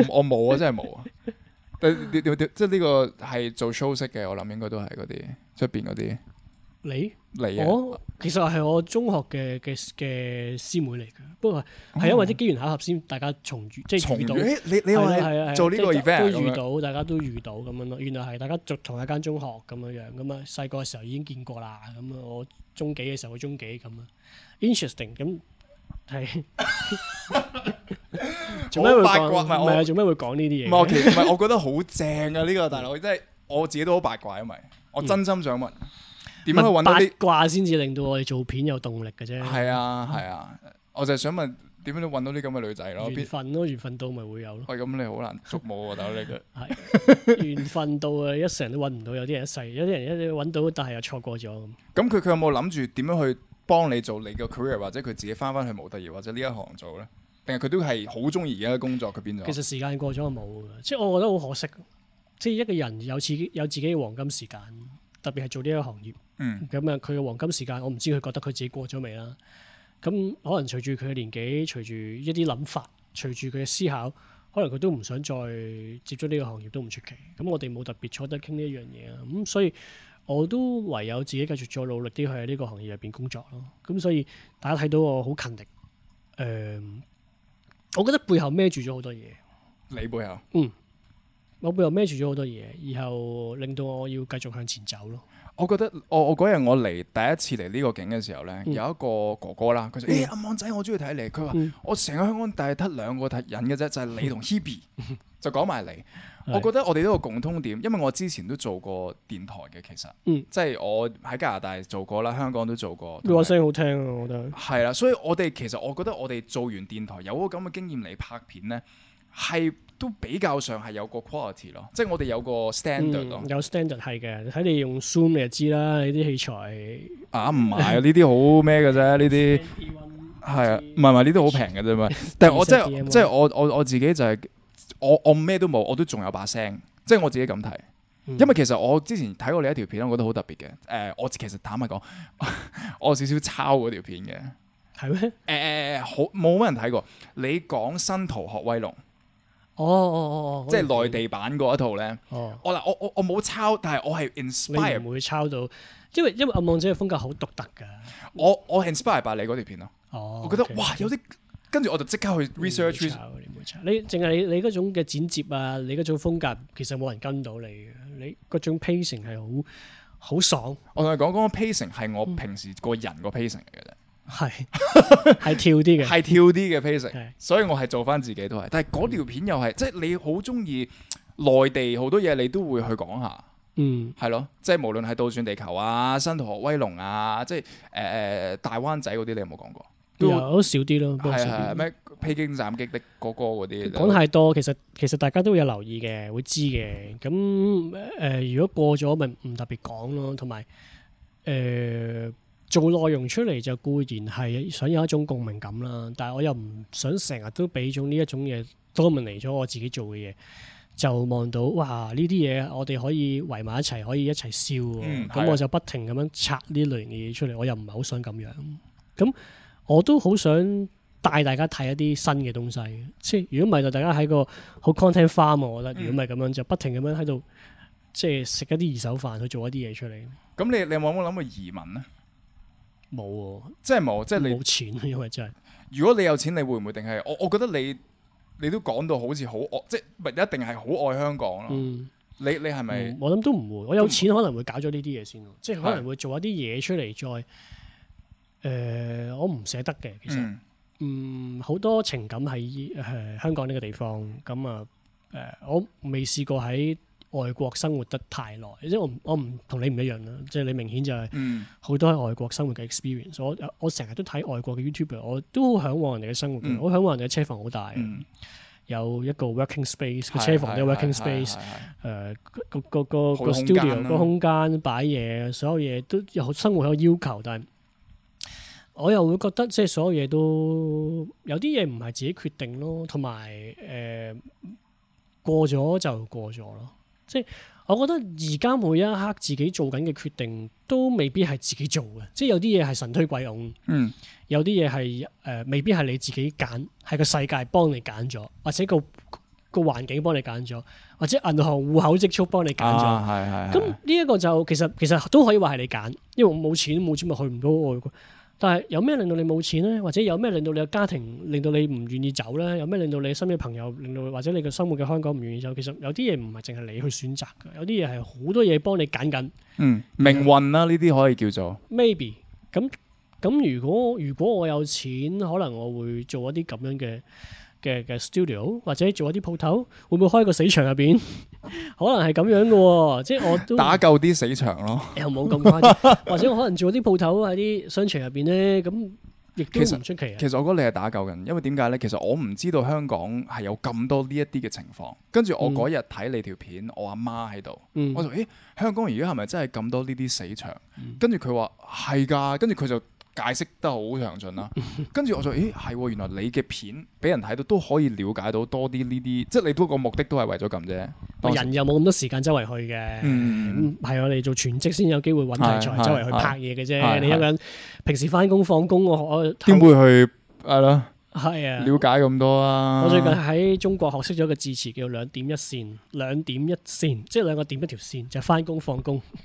我我冇啊，真係冇啊！即係呢個係做 show 式嘅，我諗應該都係嗰啲出邊嗰啲。你你呢我其實係我中學嘅嘅嘅師妹嚟嘅，不過係、嗯、因為啲機緣巧合先，大家重遇。即、就、係、是、遇到。你你話係做呢個 event 都遇到，大家都遇到咁樣咯。原來係大家做同一間中學咁樣樣噶嘛。細個嘅時候已經見過啦，咁啊，我中幾嘅時候，中幾咁啊，interesting 咁。係做咩會八卦？唔係啊，做咩會講呢啲嘢？唔係，我其實唔係，我覺得好正啊！呢個大佬，即係我自己都好八卦，因為我真心想問，點樣去揾啲卦先至令到我哋做片有動力嘅啫？係啊，係啊，我就係想問，點樣去揾到啲咁嘅女仔咯？緣分咯，緣分到咪會有咯？係咁，你好難捉摸啊，大佬你嘅係緣分到啊，一成都揾唔到，有啲人一世，有啲人一揾到，但係又錯過咗咁。咁佢佢有冇諗住點樣去？幫你做你嘅 career，或者佢自己翻翻去模特業或者呢一行做咧，定係佢都係好中意而家嘅工作，佢變度？其實時間過咗冇嘅，即係、嗯、我覺得好可惜。即係一個人有自己有自己嘅黃金時間，特別係做呢一個行業，咁啊佢嘅黃金時間，我唔知佢覺得佢自己過咗未啦。咁可能隨住佢嘅年紀，隨住一啲諗法，隨住佢嘅思考，可能佢都唔想再接觸呢個行業都唔出奇。咁我哋冇特別坐得傾呢一樣嘢啊。咁所以。我都唯有自己繼續再努力啲去喺呢個行業入邊工作咯。咁所以大家睇到我好勤力。誒、呃，我覺得背後孭住咗好多嘢。你背後？嗯，我背後孭住咗好多嘢，然後令到我要繼續向前走咯。我覺得我我嗰日我嚟第一次嚟呢個景嘅時候咧，有一個哥哥啦，佢就誒，暗網仔我中意睇你。佢話、嗯、我成個香港就係得兩個睇人嘅啫，就係、是、你同 Hebe。嗯 <laughs> 就講埋嚟，我覺得我哋呢個共通點，因為我之前都做過電台嘅，其實，嗯、即係我喺加拿大做過啦，香港都做過。佢話聲好聽啊，我覺得係啦。所以我，我哋其實我覺得我哋做完電台有個咁嘅經驗嚟拍片咧，係都比較上係有個 quality 咯，即係我哋有個 standard 咯、啊嗯，有 standard 係嘅。睇你用 Zoom 你就知啦，你啲器材啊唔係啊，呢啲好咩嘅啫，呢啲係啊，唔係唔係呢啲好平嘅啫嘛。但係我即係即係我我我自己就係、是。我我咩都冇，我都仲有把聲，即係我自己咁睇。因為其實我之前睇過你一條片，我覺得好特別嘅。誒、呃，我其實坦白講，我少少抄嗰條片嘅。係咩？誒、呃，好冇乜人睇過。你講新逃學威龍。哦哦哦即係內地版嗰一套咧，oh。我嗱，我我我冇抄，但係我係 inspire。你唔會抄到，因為因為暗網仔嘅風格好獨特噶。我我 inspire by 你嗰條片咯。哦。Oh, okay, okay. 我覺得哇，有啲。跟住我就即刻去 research，你冇錯，你淨係你你嗰種嘅剪接啊，你嗰種風格其實冇人跟到你嘅，你嗰種 pacing 係好好爽。我同你講，嗰個 pacing 係我平時個人個 pacing 嘅啫，係係、嗯、 <laughs> 跳啲嘅，係跳啲嘅 pacing，所以我係做翻自己都係。但係嗰條片又係，即係的你好中意內地好多嘢，你都會去講下，嗯，係咯，即、就、係、是、無論係《倒轉地球》啊，《新逃學威龍》啊，即係誒誒大灣仔嗰啲，你有冇講過？都，都少啲咯。係係咩披荊斬棘的哥哥嗰啲？講太多，其實其實大家都有留意嘅，會知嘅。咁誒、呃，如果過咗咪唔特別講咯。同埋誒，做內容出嚟就固然係想有一種共鳴感啦。嗯、但係我又唔想成日都俾咗呢一種嘢 dominate 咗我自己做嘅嘢，就望到哇呢啲嘢我哋可以圍埋一齊，可以一齊笑、喔。咁、嗯、我就不停咁樣拆呢類型嘅嘢出嚟，我又唔係好想咁樣咁。我都好想帶大家睇一啲新嘅東西。即係如果唔係就大家喺個好 content farm，我覺得如果唔係咁樣就不停咁樣喺度即係食一啲二手飯去做一啲嘢出嚟。咁、嗯、你你有冇諗過移民咧？冇、啊，即係冇，不即係你冇錢因為真係。如果你有錢，你會唔會定係我？我覺得你你都講到好似好惡，即係一定係好愛香港咯、嗯？你你係咪？我諗都唔會。我有錢可能會搞咗呢啲嘢先，即係可能會做一啲嘢出嚟再。誒、呃，我唔捨得嘅，其實，嗯，好、嗯、多情感喺誒、呃、香港呢個地方，咁、呃、啊，誒、呃，我未試過喺外國生活得太耐，即係我唔，我唔同你唔一樣啦，即係你明顯就係好多喺外國生活嘅 experience，我我成日都睇外國嘅 YouTuber，我都好向往人哋嘅生活，嗯、我好向往人哋嘅車房好大，嗯、有一個 working space，個車房有 working space，誒、呃，個個個 studio 個,個空間擺嘢，所有嘢都有生活有要求，但係。但我又會覺得即係所有嘢都有啲嘢唔係自己決定咯，同埋誒過咗就過咗咯。即係我覺得而家每一刻自己做緊嘅決定都未必係自己做嘅，即係有啲嘢係神推鬼用，嗯，有啲嘢係誒未必係你自己揀，係個世界幫你揀咗，或者個個環境幫你揀咗，或者銀行戶口積蓄幫你揀咗，係係、啊。咁呢一個就其實其實都可以話係你揀，因為冇錢冇錢咪去唔到外國。但係有咩令到你冇錢呢？或者有咩令到你嘅家庭令到你唔願意走呢？有咩令到你身邊朋友令到或者你嘅生活嘅香港唔願意走？其實有啲嘢唔係淨係你去選擇㗎，有啲嘢係好多嘢幫你揀緊。嗯，命運啦、啊，呢啲、嗯、可以叫做 maybe。咁咁，如果如果我有錢，可能我會做一啲咁樣嘅。嘅嘅 studio 或者做一啲鋪頭，會唔會開個死場入邊？ <laughs> 可能係咁樣嘅、哦，即係我都打救啲死場咯。又冇咁誇張， <laughs> 或者我可能做啲鋪頭喺啲商場入邊咧，咁亦都唔出奇其。其實我覺得你係打救嘅，因為點解咧？其實我唔知道香港係有咁多呢一啲嘅情況。跟住我嗰日睇你條片，我阿媽喺度，嗯、我話咦、欸，香港而家係咪真係咁多呢啲死場？跟住佢話係噶，跟住佢就。解釋得好詳盡啦， <laughs> 跟住我就，咦係，原來你嘅片俾人睇到都可以了解到多啲呢啲，即係你都個目的都係為咗咁啫。人又冇咁多時間周圍去嘅，嗯，係我哋做全職先有機會揾題材、啊啊、周圍去拍嘢嘅啫。啊啊、你一個人平時翻工放工，我點會去係咯？係啊，看啊了解咁多啊！我最近喺中國學識咗個字詞叫兩點一線，兩點一線，即係兩個點一條線，就翻工放工。 <laughs>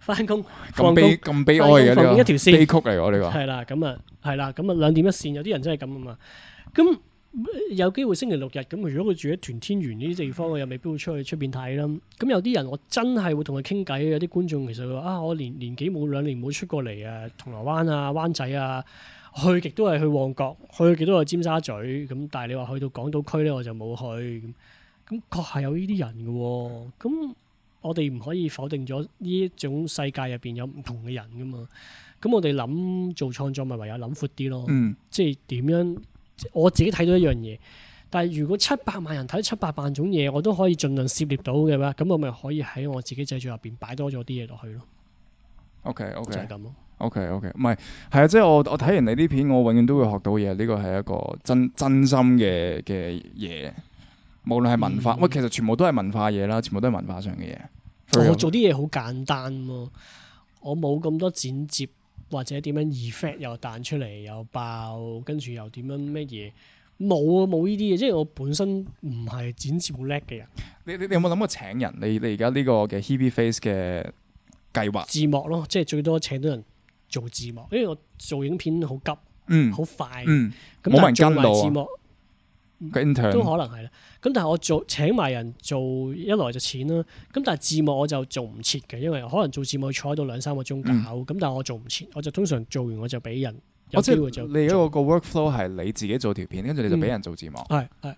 翻工咁悲咁悲哀嘅咯，悲曲嚟我呢個係啦，咁啊係啦，咁啊兩點一線，有啲人真係咁啊嘛。咁有機會星期六日，咁如果佢住喺屯天元呢啲地方，我又未必會出去出邊睇啦。咁有啲人我真係會同佢傾偈，有啲觀眾其實會話啊，我年年幾冇兩年冇出過嚟啊，銅鑼灣啊、灣仔啊，去極都係去旺角，去極都係尖沙咀，咁但係你話去到港島區咧，我就冇去咁，咁確係有呢啲人嘅喎，咁。我哋唔可以否定咗呢一種世界入邊有唔同嘅人噶嘛，咁我哋諗做創作咪唯有諗闊啲咯，嗯，即，即係點樣我自己睇到一樣嘢，但係如果七百萬人睇七百萬種嘢，我都可以盡量涉獵到嘅話，咁我咪可以喺我自己製作入邊擺多咗啲嘢落去咯。OK OK 就係咁咯。OK OK 唔係，係啊，即係我我睇完你啲片，我永遠都會學到嘢，呢個係一個真真心嘅嘅嘢。無論係文化，喂、嗯，其實全部都係文化嘢啦，全部都係文化上嘅嘢。我做啲嘢好簡單，我冇咁多剪接或者點樣 effect 又彈出嚟又爆，跟住又點樣咩嘢？冇啊，冇呢啲嘢，即係我本身唔係剪接好叻嘅人。你你,你有冇諗過請人？你你而家呢個嘅 Hebeface 嘅計劃字幕咯，即係最多請到人做字幕，因為我做影片好急嗯，嗯，好快，嗯，冇人跟到字幕，都可能係啦。咁但係我做請埋人做一來就錢啦，咁但係字幕我就做唔切嘅，因為可能做字幕要坐喺度兩三個鐘搞，咁、嗯、但係我做唔切，我就通常做完我就俾人有機會就做。有，我知道你一個個 workflow 係你自己做條片，跟住你就俾人做字幕。係係、嗯，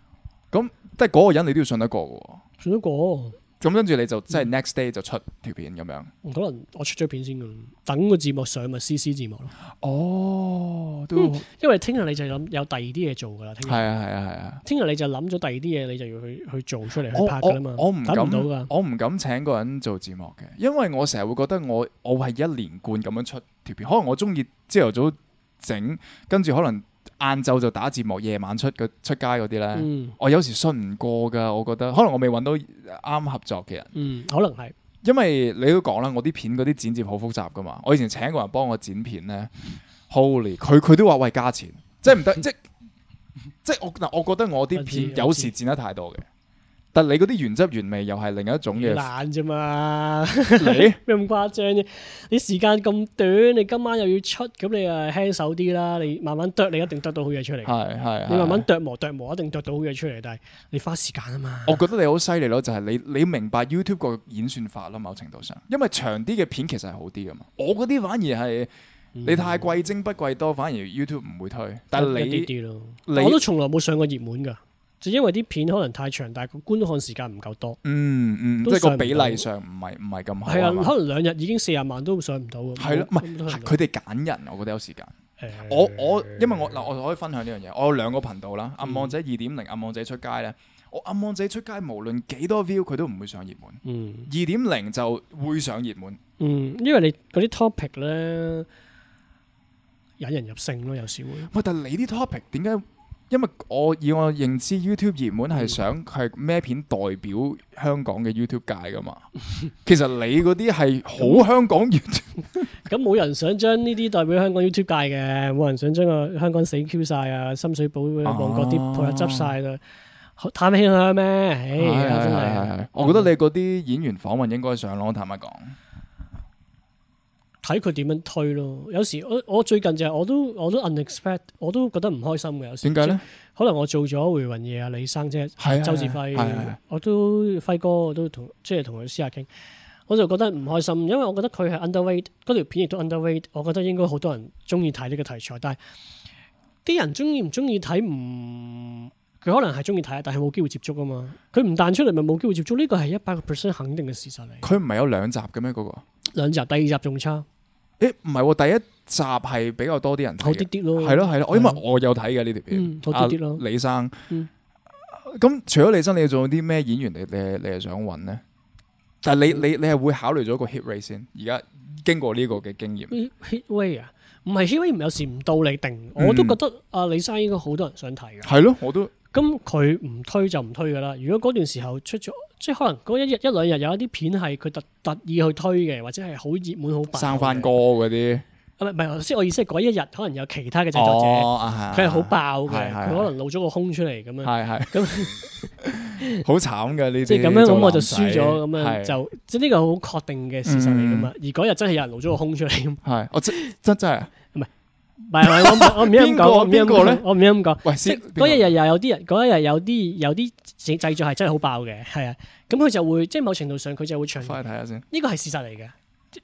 咁即係嗰個人你都要信得過，信得過喎，信得過。咁跟住你就即係、嗯、next day 就出條片咁樣。可能我出咗片先咁等個字幕上咪 CC 字幕咯。哦，都、嗯、因為聽日你就諗有第二啲嘢做噶啦。係啊係啊係啊。聽日、啊、你就諗咗第二啲嘢，你就要去去做出嚟去拍噶啦嘛。我唔敢。我唔敢請個人做字幕嘅，因為我成日會覺得我我係一連貫咁樣出條片，可能我中意朝頭早整，跟住可能。晏晝就打字幕，夜晚出出街嗰啲咧，嗯、我有時信唔過噶，我覺得可能我未揾到啱合作嘅人、嗯，可能係，因為你都講啦，我啲片嗰啲剪接好複雜噶嘛，我以前請一個人幫我剪片咧，Holy，佢佢都話喂加錢，即係唔得，即係即係我嗱，我覺得我啲片有時剪得太多嘅。但你嗰啲原汁原味又係另一種嘢，難啫嘛！ <laughs> 你咁誇張啫？你時間咁短，你今晚又要出，咁你啊輕手啲啦！你慢慢剁，你一定剁到好嘢出嚟。係係你慢慢琢磨琢磨，磨，一定剁到好嘢出嚟，但係你花時間啊嘛。我覺得你好犀利咯，就係、是、你你明白 YouTube 個演算法咯，某程度上，因為長啲嘅片其實係好啲噶嘛。我嗰啲反而係你太貴精不貴多，反而 YouTube 唔會推。嗯、但係你啲咯，點點你我都從來冇上過熱門噶。就因為啲片可能太長，但係個觀看時間唔夠多。嗯嗯，嗯即係個比例上唔係唔係咁好。係啊，吧可能兩日已經四廿萬都上唔到啊。係啊，唔係佢哋揀人，我覺得有時間。欸、我我因為我嗱，欸、我可以分享呢樣嘢。我有兩個頻道啦，嗯《暗網仔二點零》《暗網仔出街》咧。我《暗網仔出街》無論幾多 view，佢都唔會上熱門。二點零就會上熱門。嗯，因為你嗰啲 topic 咧，引人入勝咯，有時會。喂、嗯，但係你啲 topic 點解？因為我以我認知 YouTube 熱門係想係咩片代表香港嘅 YouTube 界㗎嘛。其實你嗰啲係好香港熱，咁冇人想將呢啲代表香港 YouTube 界嘅，冇人想將個香港死 Q 晒啊，深水埗旺角啲鋪入執曬啦，嘆氣啊咩？唉，真係，我覺得你嗰啲演員訪問應該上咯，坦白講。睇佢點樣推咯，啊，有時我我最近就係、我都我都 unexpect 我都覺得唔開心嘅。有時點解咧？可能我做咗回魂夜啊，李生即係，周志輝的、啊就係，我都輝哥，我都同即係同佢私下傾，我就覺得唔開心，因為我覺得佢係 underweight，嗰條片、嗯、亦都 underweight，我覺得應該好多人中意睇呢個題材，但係啲人中意唔中意睇唔？Resume. 佢可能係中意睇，但係冇機會接觸啊嘛。佢唔彈出嚟咪冇機會接觸，呢個係一百個 percent 肯定嘅事實嚟。佢唔係有兩集嘅咩？嗰、那個兩集，第二集仲差。誒唔係喎，第一集係比較多啲人睇。好啲啲咯，係咯係咯。我、啊啊、因為我有睇嘅呢條片。好啲啲咯。李生，咁、嗯啊、除咗李生，你仲有啲咩演員你你係想揾呢？但係你、嗯、你你係會考慮咗個 hit rate 先？而家經過呢個嘅經驗、嗯、，hit rate 啊，唔係 hit rate 唔有時唔到你定。我都覺得阿李生應該好多人想睇嘅。係咯、嗯 <noise> 啊，我都。咁佢唔推就唔推噶啦。如果嗰段時候出咗，即係可能嗰一日一兩日有一啲片係佢特特意去推嘅，或者係好熱門好爆，生翻歌嗰啲。唔係唔係，即係我意思係嗰一日可能有其他嘅製作者，佢係好爆嘅，佢可能露咗個胸出嚟咁啊。係係。咁好慘嘅呢啲。即係咁樣，咁我就輸咗咁啊，就即係呢個好確定嘅事實嚟噶嘛。而嗰日真係有人露咗個胸出嚟咁。係，我真真真係。唔係，我唔， <laughs> 我唔應咁講，邊個咧？我唔應咁講。嗰一日又有啲人，嗰一日有啲有啲製作係真係好爆嘅，係啊。咁佢就會，即係某程度上佢就會，長。翻去睇下先。呢個係事實嚟嘅，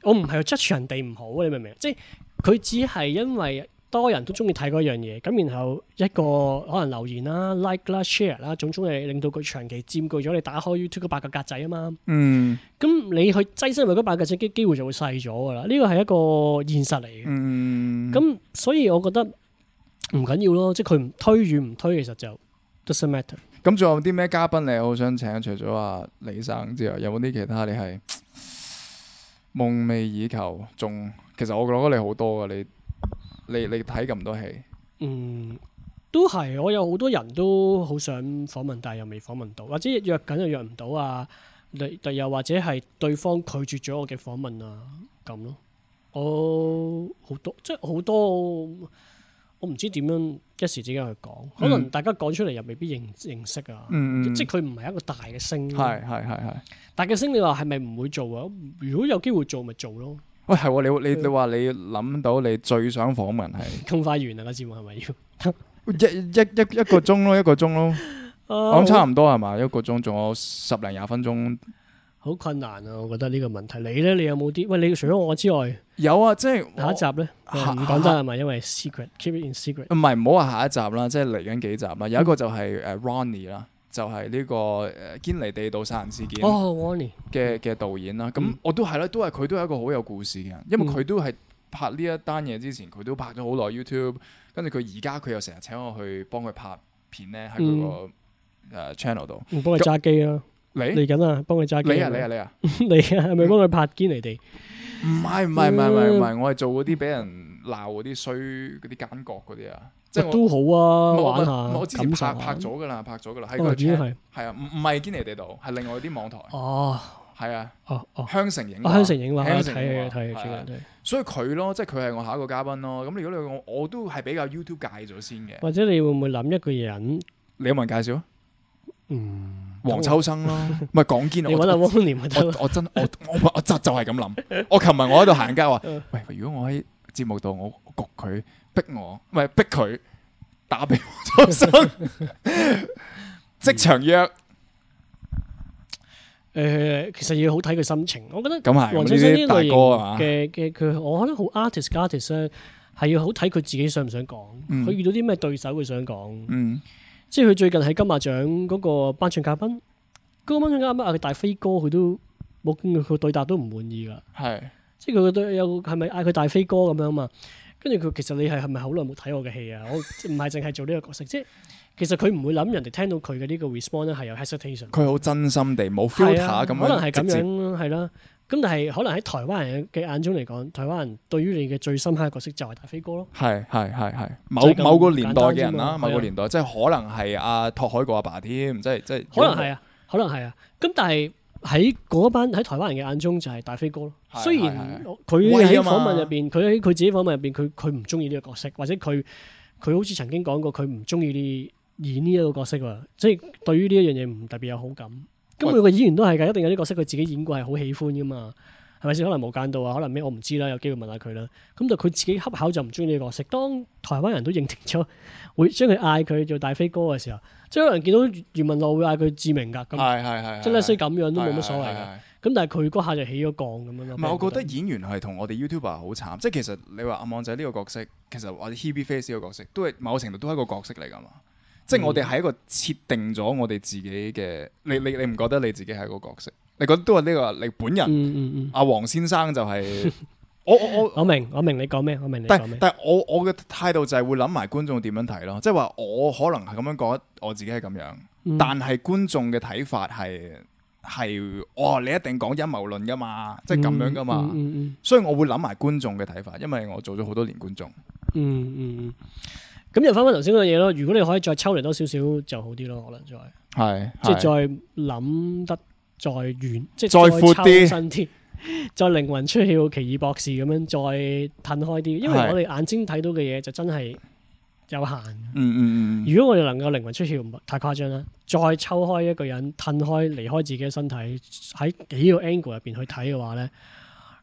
我唔係話，要質住人哋唔好，啊，你明唔明？即係佢只係因為。多人都中意睇嗰樣嘢，咁然後一個可能留言啦、like 啦、share 啦，總之係令到佢長期佔據咗你打開 YouTube 八個格仔啊嘛。嗯，咁你去擠身入嗰八個格仔，機機會就會細咗噶啦。呢個係一個現實嚟嘅。嗯，咁所以我覺得唔緊要咯，即係佢唔推與唔推，其實就 doesn't matter。咁仲有啲咩嘉賓嚟？我好想請，除咗阿李生之外，有冇啲其他你係夢寐以求？仲其實我覺得你好多噶，你。你你睇咁多戲？嗯，都係，我有好多人都好想訪問，但係又未訪問到，或者約緊又約唔到啊！第第又或者係對方拒絕咗我嘅訪問啊，咁咯。我好多即係好多，我唔知點樣一時之間去講。可能大家講出嚟又未必認認識啊。嗯、即係佢唔係一個大嘅聲。係係係係。大嘅、嗯、聲，你話係咪唔會做啊？如果有機會做，咪做咯。喂，係、哎哦、你你你話你諗到你最想訪問係？咁快完啊？個節目係咪要？ <laughs> 一一一一個鐘咯，一個鐘咯，咁差唔多係嘛？一個鐘仲有十零廿分鐘，好困難啊！我覺得呢個問題，你咧，你有冇啲？喂，你除咗我之外，有啊，即係下一集咧，唔講真係咪？因為 secret keep it in secret，唔係唔好話下一集啦，即係嚟緊幾集啊。有一個就係誒 Ronnie 啦。嗯就係呢個誒堅尼地道殺人事件嘅嘅、哦、導演啦，咁、嗯、我都係啦，都係佢都係一個好有故事嘅人，因為佢都係拍呢一單嘢之前，佢都拍咗好耐 YouTube，跟住佢而家佢又成日請我去幫佢拍片咧，喺佢個誒 channel 度，嗯、那幫佢揸機啊！那你嚟緊啊，幫佢揸機啊！你啊你啊你啊你啊！係咪幫佢拍堅尼地？唔係唔係唔係唔係，我係做嗰啲俾人鬧嗰啲衰嗰啲奸角嗰啲啊！即係都好啊，玩下。我之前拍拍咗噶啦，拍咗噶啦。係個主要係啊，唔唔係堅尼地道，係另外啲網台。哦，係啊，香城影，香城影啊，睇嘅睇嘅，所以佢咯，即係佢係我下一個嘉賓咯。咁如果你我我都係比較 YouTube 戒咗先嘅。或者你會唔會諗一個人？你有冇人介紹啊？嗯，黃秋生咯，唔係講堅尼，你揾下得我真，我我我就就係咁諗。我琴日我喺度行街話，喂，如果我喺節目度，我焗佢。逼我唔係逼佢打俾黃秋生，即 <laughs> <laughs> 場約誒、呃，其實要好睇佢心情。嗯、我覺得咁係黃秋生呢類型嘅嘅佢，我覺得好 artist artist 咧，係要好睇佢自己想唔想講。佢、嗯、遇到啲咩對手會，佢想講。嗯，即係佢最近喺金馬獎嗰個頒獎嘉賓，嗰、那個頒獎嘉賓嗌佢大飛哥，佢都冇跟佢個對答都唔滿意噶。係的，即係佢個對有係咪嗌佢大飛哥咁樣嘛？跟住佢，其實你係係咪好耐冇睇我嘅戲啊？我唔係淨係做呢個角色，即係其實佢唔會諗人哋聽到佢嘅呢個 response 係有 hesitation。佢好真心地冇 filter 下咁可能係咁樣係啦，咁、啊、但係可能喺台灣人嘅眼中嚟講，台灣人對於你嘅最深刻嘅角色就係大飛哥咯。係係係係，某某個年代嘅人啦、啊，某個年代即係、啊、可能係阿拓海個阿爸添，即係即係。可能係啊，可能係啊，咁但係。喺嗰班喺台灣人嘅眼中就係大飛哥咯。雖然佢喺訪問入邊，佢喺佢自己訪問入邊，佢佢唔中意呢個角色，或者佢佢好似曾經講過佢唔中意演呢一個角色喎。即係對於呢一樣嘢唔特別有好感。咁每個演員都係㗎，一定有啲角色佢自己演過係好喜歡㗎嘛。係咪先，可能冇間到啊？可能咩我唔知啦，有機會問下佢啦。咁就佢自己恰巧就唔中意呢個角色。當台灣人都認定咗會將佢嗌佢做大飛哥嘅時候，即係可能見到余文樂會嗌佢志明噶。咁係係係，真係所以咁樣都冇乜所謂嘅。咁但係佢嗰下就起咗槓咁樣咯。唔係，我覺得演員係同我哋 YouTuber 好慘。即係其實你話暗網仔呢個角色，其實或者 Hebe Face 呢個角色，都係某程度都係一個角色嚟噶嘛。即係我哋係一個設定咗我哋自己嘅。你你你唔覺得你自己係一個角色？你覺得都係呢個你本人，阿、嗯嗯嗯、黃先生就係、是、 <laughs> 我我我我明我明你講咩，我明你講咩。但係我我嘅態度就係會諗埋觀眾點樣睇咯，即係話我可能係咁樣講，我自己係咁樣，嗯、但係觀眾嘅睇法係係哦，你一定講陰謀論噶嘛，即係咁樣噶嘛。嗯嗯嗯嗯，所以我會諗埋觀眾嘅睇法，因為我做咗好多年觀眾。嗯嗯嗯。咁又翻翻頭先嗰嘢咯，如果你可以再抽離多少少就好啲咯，可能再係即係是是再諗得。再遠，即係再抽身啲，再闊啲，再靈 <laughs> 魂出竅，奇異博士咁樣，再褪開啲，因為我哋眼睛睇到嘅嘢就真係有限。嗯嗯嗯。如果我哋能夠靈魂出竅，唔太誇張啦。再抽開一個人，褪開離開自己嘅身體，喺幾個 angle 入邊去睇嘅話咧，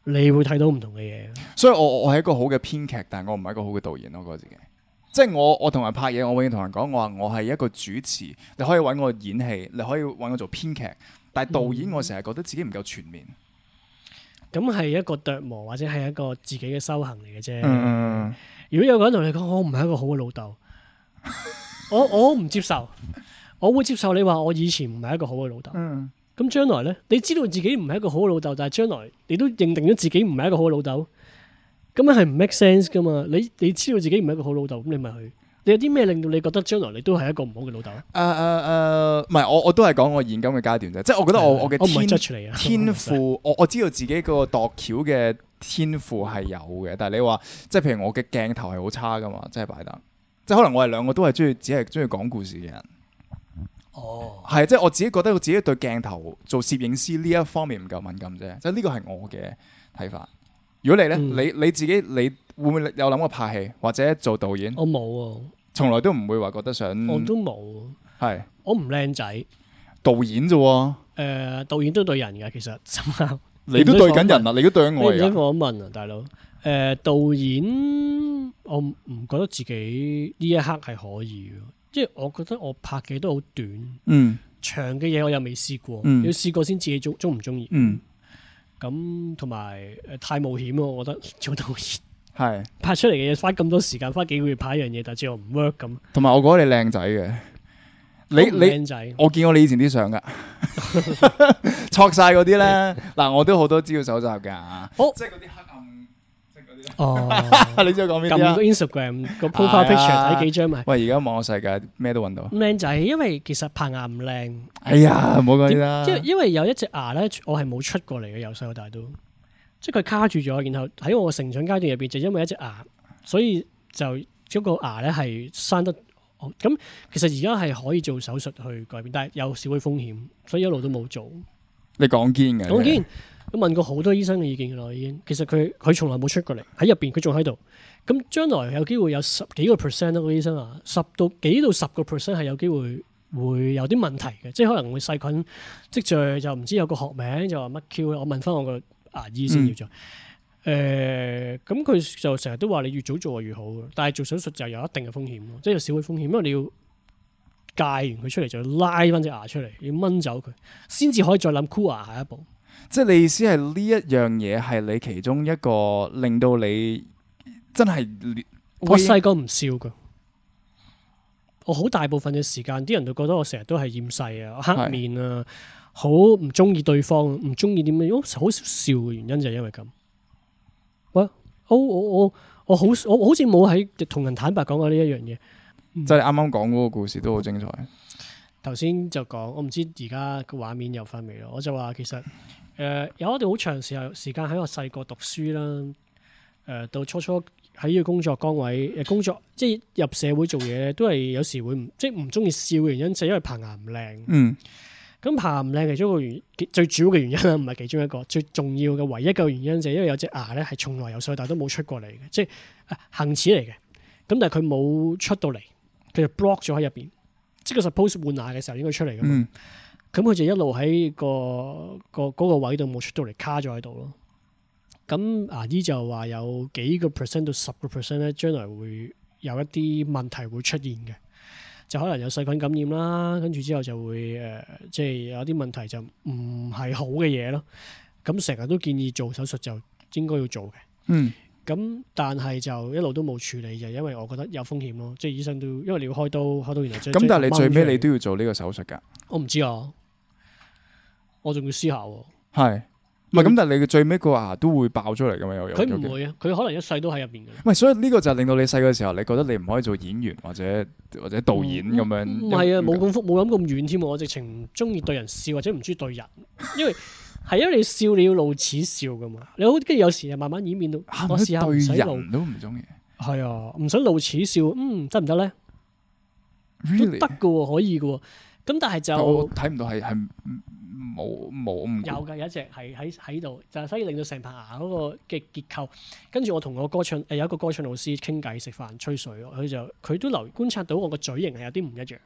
你會睇到唔同嘅嘢。所以我我係一個好嘅編劇，但係我唔係一個好嘅導演咯，我覺得自己。即係我我同人拍嘢，我永遠同人講，我話我係一個主持，你可以搵我演戲，你可以搵我做編劇。但係導演，我成日覺得自己唔夠全面。嗯。咁係一個琢磨，或者係一個自己嘅修行嚟嘅啫。嗯嗯，如果有個人同你講，我唔係一個好嘅老豆，我我唔接受。 <laughs> 我會接受你話我以前唔係一個好嘅老豆。咁將、嗯、來呢，你知道自己唔係一個好嘅老豆，但係將來你都認定咗自己唔係一個好嘅老豆，咁樣係唔 make sense 噶嘛？你你知道自己唔係一個好老豆，咁你咪去。你有啲咩令到你覺得將來你都係一個唔好嘅老豆？誒誒誒，唔係，我我都係講我現今嘅階段啫，即係我覺得我天、uh, 天我嘅天賦父， <laughs> 我我知道自己個度橋嘅天賦係有嘅，但係你話即係譬如我嘅鏡頭係好差噶嘛，即係擺得，即係可能我哋兩個都係中意只係中意講故事嘅人。哦，係，即係我自己覺得我自己對鏡頭做攝影師呢一方面唔夠敏感啫，即係呢個係我嘅睇法。如果你咧，你、嗯、你自己你會唔會有諗過拍戲或者做導演？我冇，啊，從來都唔會話覺得想。我都冇、啊，係是我唔靚仔。導演啫、啊，誒、呃，導演都對人噶，其實。你都對緊人啊！ <laughs> 你都對緊我、啊。我問啊，大佬，誒、呃，導演，我唔覺得自己呢一刻係可以，即係我覺得我拍嘅都好短。嗯，長嘅嘢我又未試過。嗯、要試過先自己中中唔中意。嗯。咁同埋太冒險咯，我覺得做到熱係拍出嚟嘅嘢，花咁多時間，花幾個月拍一樣嘢，但最後唔 work 咁。同埋我覺得你靚仔嘅，嗯、你英你，我見過你以前啲相噶。 <laughs> <laughs> 撮晒嗰啲咧。嗱， <laughs> 我都好多資料搜集㗎，好，即係嗰啲黑。哦， <laughs> 你知講邊啲？撳到 Instagram 個 profile picture 睇幾張咪？喂，而家網絡世界咩都揾到。靚仔，因為其實棚牙唔靚。哎呀，唔好講啦。即係因，因為有一隻牙咧，我係冇出過嚟嘅，由細到大都。即係佢卡住咗，然後喺我成長階段入邊，就因為一隻牙，所以就將個牙咧係生得咁。其實而家係可以做手術去改變，但係有少少風險，所以一路都冇做。你講堅嘅，講堅。我問過好多醫生嘅意見嘅啦，已經其實佢佢從來冇出過嚟喺入邊，佢仲喺度。咁將來有機會有十幾個 percent 一個醫生啊，十到幾到十個 percent 係有機會會有啲問題嘅，即係可能會細菌積聚就唔知有個學名，就話乜 Q 我問翻我個牙醫先要做。誒、嗯，咁佢、呃、就成日都話你越早做啊越好，但係做手術就有一定嘅風險咯，即係小嘅風險，因為你要戒完佢出嚟，再拉翻隻牙出嚟，要掹走佢，先至可以再諗 c o o 牙下一步。即係你意思係呢一樣嘢，係你其中一個令到你真係我細個唔笑㗎，我好大部分嘅時間，啲人就覺得我成日都係厭世啊、黑面啊，好唔中意對方，唔中意點樣，好少笑嘅原因就係因為咁。喂、oh，我我我我好我好似冇喺同人坦白講過呢一樣嘢，嗯、即係啱啱講嗰個故事都好精彩。頭先就講，我唔知而家個畫面又分有返未咯。我就話其實誒、呃，有一段好長時，間時，間時候時間喺我細個讀書啦，誒、呃、到初初喺呢個工作崗位誒工作，即係入社會做嘢都係有時會唔即係唔中意笑嘅原因，就係因為棚牙唔靚。嗯，咁棚牙唔靚，其中一個原最主要嘅原因啦，唔係其中一個最重要嘅唯一嘅原因，就係因為有隻牙咧係從來由細到大都冇出過嚟嘅，即係橫齒嚟嘅。咁但係佢冇出到嚟，佢就 block 咗喺入邊。即個 suppose 換牙嘅時候應該出嚟嘅嘛，咁佢、嗯、就一路喺、個個嗰個位度冇出到嚟卡咗喺度咯。咁阿姨就話有幾個 percent 到十個 percent 咧，將來會有一啲問題會出現嘅，就可能有細菌感染啦，跟住之後就會誒，即、呃、係、就是、有啲問題就唔係好嘅嘢咯。咁成日都建議做手術就應該要做嘅。嗯。咁但係就一路都冇處理，就因為我覺得有風險咯，即係醫生都因為你要開刀，開刀原來即係掹嘅。咁但係你最尾你都要做呢個手術噶？我唔知啊，我仲要思考，啊。係，唔係咁？但係你嘅最尾個牙都會爆出嚟咁嘛？有，有佢唔會啊？佢、okay，可能一世都喺入邊嘅。唔係，所以呢個就令到你細個時候，你覺得你唔可以做演員或者或者導演咁樣。唔係，嗯、啊，冇咁夫，冇諗咁遠添。我直情唔中意對人笑或者唔中意對人，因為。 <laughs> 係因為你笑你要露齒笑噶嘛，你好，跟住有時又慢慢演變到我試下唔洗露都唔中意，係啊，唔想露齒笑，嗯，得唔得咧？Really? 都得噶，可以噶，咁但係就睇唔到係，係冇冇，有噶，有一隻係喺喺度，就係可以令到成排牙嗰個嘅結構。跟住我同我歌唱有一個歌唱老師傾偈食飯吹水，佢就佢都留意觀察到我個嘴型係有啲唔一樣。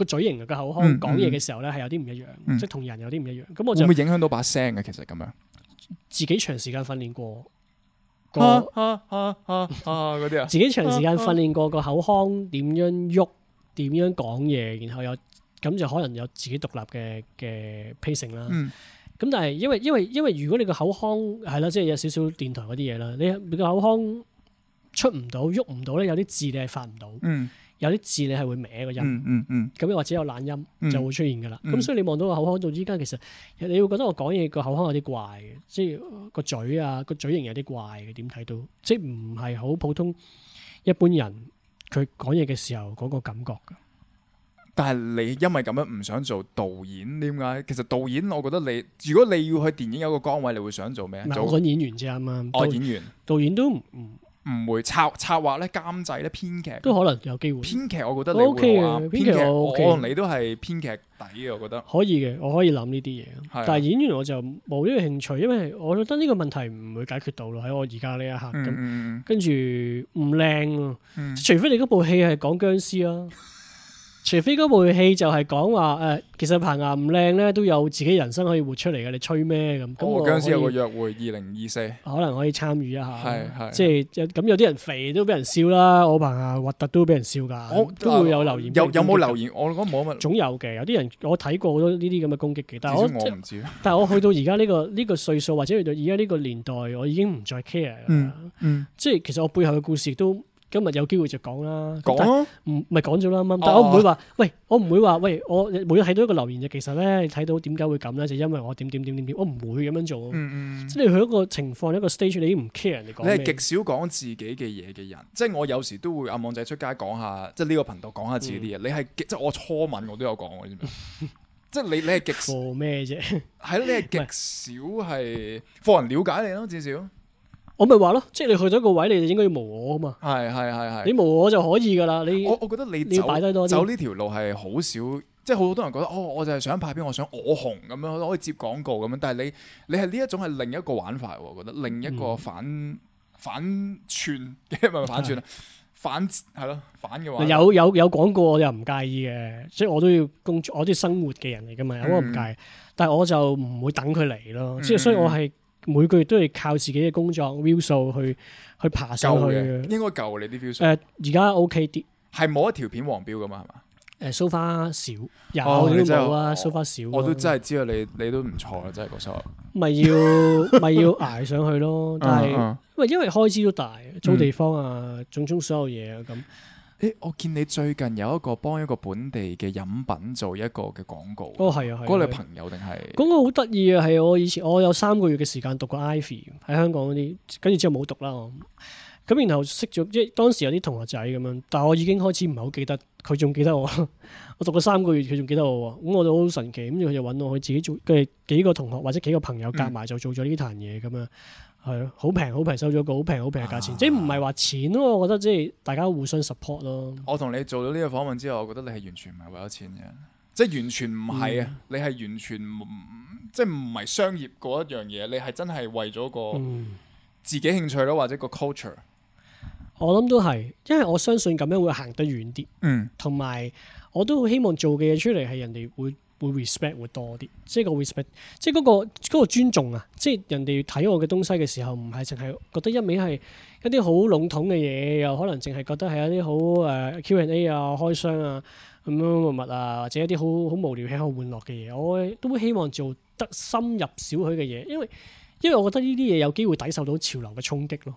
個嘴型個口腔講嘢嘅時候咧係有啲唔一樣，嗯、即係同人有啲唔一樣。咁、嗯、我就會影響到把聲嘅。其實咁樣，自己長時間訓練過，啲啊，自己長時間訓練過個口腔點樣喐，點、啊啊、樣講嘢，然後有咁就可能有自己獨立嘅嘅 pacing 啦、嗯。咁但係因為因為因為如果你個口腔係啦，即、就、係、是、有少少電台嗰啲嘢啦，你個口腔出唔到，喐唔到咧，有啲字你係發唔到。嗯。有啲字你係會歪個音，咁又、嗯嗯、或者有懶音、嗯、就會出現噶啦。咁、嗯、所以你望到個口腔到依家其實，你會覺得我講嘢個口腔有啲怪嘅，即係個嘴啊個嘴型有啲怪嘅。點睇到？即係唔係好普通一般人佢講嘢嘅時候嗰個感覺？但係你因為咁樣唔想做導演，點解？其實導演我覺得你，如果你要去電影有一個崗位，你會想做咩？不做演員啫嘛。我演員。導,導演都唔。唔會策、策劃咧、監製咧編劇都可能有機會，編劇我覺得 O K 啊，編劇我同你都係編劇底嘅，我覺得可以嘅，我可以諗呢啲嘢，的但係演員我就冇呢個興趣，因為我覺得呢個問題唔會解決到咯，喺我而家呢一刻咁，嗯嗯，跟住唔靚，嗯、除非你嗰部戲係講殭屍啊。嗯除非嗰部戲就係講話誒，其實棚牙唔靚咧，都有自己人生可以活出嚟嘅，你吹咩咁？《我和僵屍嘅約會二零二四》可能可以參與一下，係係，即係咁有啲人肥都俾人笑啦，我棚牙核突都俾人笑噶，我都會有留言。有有冇留言？我我冇乜，總有嘅。有啲人我睇過好多呢啲咁嘅攻擊嘅，但係我即係，但係我去到而家呢個呢個歲數，或者去到而家呢個年代，我已經唔再 care。嗯嗯，即係其實我背後嘅故事都。今日有機會就講啦，講唔係講咗啦，啱啱。剛剛哦、但我唔會話、哦，喂，我唔會話，喂，我每睇到一個留言，就其實咧，睇到點解會咁咧，就因為我點點點點點，我唔會咁樣做。即係佢一個情況，一個 stage，你唔 care 人哋講。你係極少講自己嘅嘢嘅人，嗯、即係我有時都會暗網仔出街講下，即係呢個頻道講下自己啲嘢。嗯、你係即係我初吻我都有講，我知唔知？ <laughs> 即係你你係極少咩啫？係 <laughs> 你係極少係個人了解你咯，至少。我咪話咯，即係你去咗個位，你就應該要摸我嘛。係係係係， <noise> 你摸我，我就可以噶啦。你我我覺得你走呢條路係好少，即係好多人覺得哦，我就係想拍片，我想我紅咁樣，我可以接廣告咁樣。但係你你係呢一種係另一個玩法，我覺得另一個反、嗯、反轉反轉啊的，反係咯反嘅話有有有廣告我又唔介意嘅、嗯，所以我都要工作，我都要生活嘅人嚟噶嘛，我唔介意。但係我就唔會等佢嚟咯，即係所以我係。每個月都係靠自己嘅工作 view 數去去爬上去嘅，應該夠你啲 view 數。誒、呃，而家 OK 啲。係冇一條片黃標噶嘛，係嘛、呃？誒，so far、哦，少有都冇啊，so far< 我>少我。我都真係知道你你都唔錯啊，真係個收入。咪要咪要捱上去咯， <laughs> 但係是，喂、嗯，因為開支都大，租地方啊，總總所有嘢啊咁。誒、欸，我見你最近有一個幫一個本地嘅飲品做一個嘅廣告。哦，係啊，係。嗰個係朋友定係？嗰個好得意啊，係、啊啊、我以前我有三個月嘅時間讀過 Ivy 喺香港嗰啲，跟住之後冇讀啦。咁然後識咗，即係當時有啲同學仔咁樣，但係我已經開始唔係好記得。佢仲記得我， <laughs> 我讀咗三個月，佢仲記得我喎。咁我就好神奇。咁佢就揾我，佢自己做，跟住幾個同學或者幾個朋友夾埋就做咗呢壇嘢咁樣。嗯嗯。係咯，好平好平收咗個好平好平嘅價錢，啊、即係唔係話錢咯，我覺得即係大家互相 support 咯。我同你做咗呢個訪問之後，我覺得你係完全唔係為咗錢嘅，即係完全唔係啊！你係完全即係唔係商業嗰一樣嘢，你係真係為咗個自己興趣咯，嗯、或者個 culture。我諗都係，因為我相信咁樣會行得遠啲。嗯，同埋我都好希望做嘅嘢出嚟係人哋會。會 respect 會多啲，即係個 respect，即係嗰個尊重啊！即係人哋睇我嘅東西嘅時候，唔係淨係覺得一味係一啲好籠統嘅嘢，又可能淨係覺得係一啲好誒 Q&A 啊、開箱啊咁樣物物啊，或者一啲好好無聊、吃喝玩樂嘅嘢，我都希望做得深入少許嘅嘢，因為因為我覺得呢啲嘢有機會抵受到潮流嘅衝擊咯。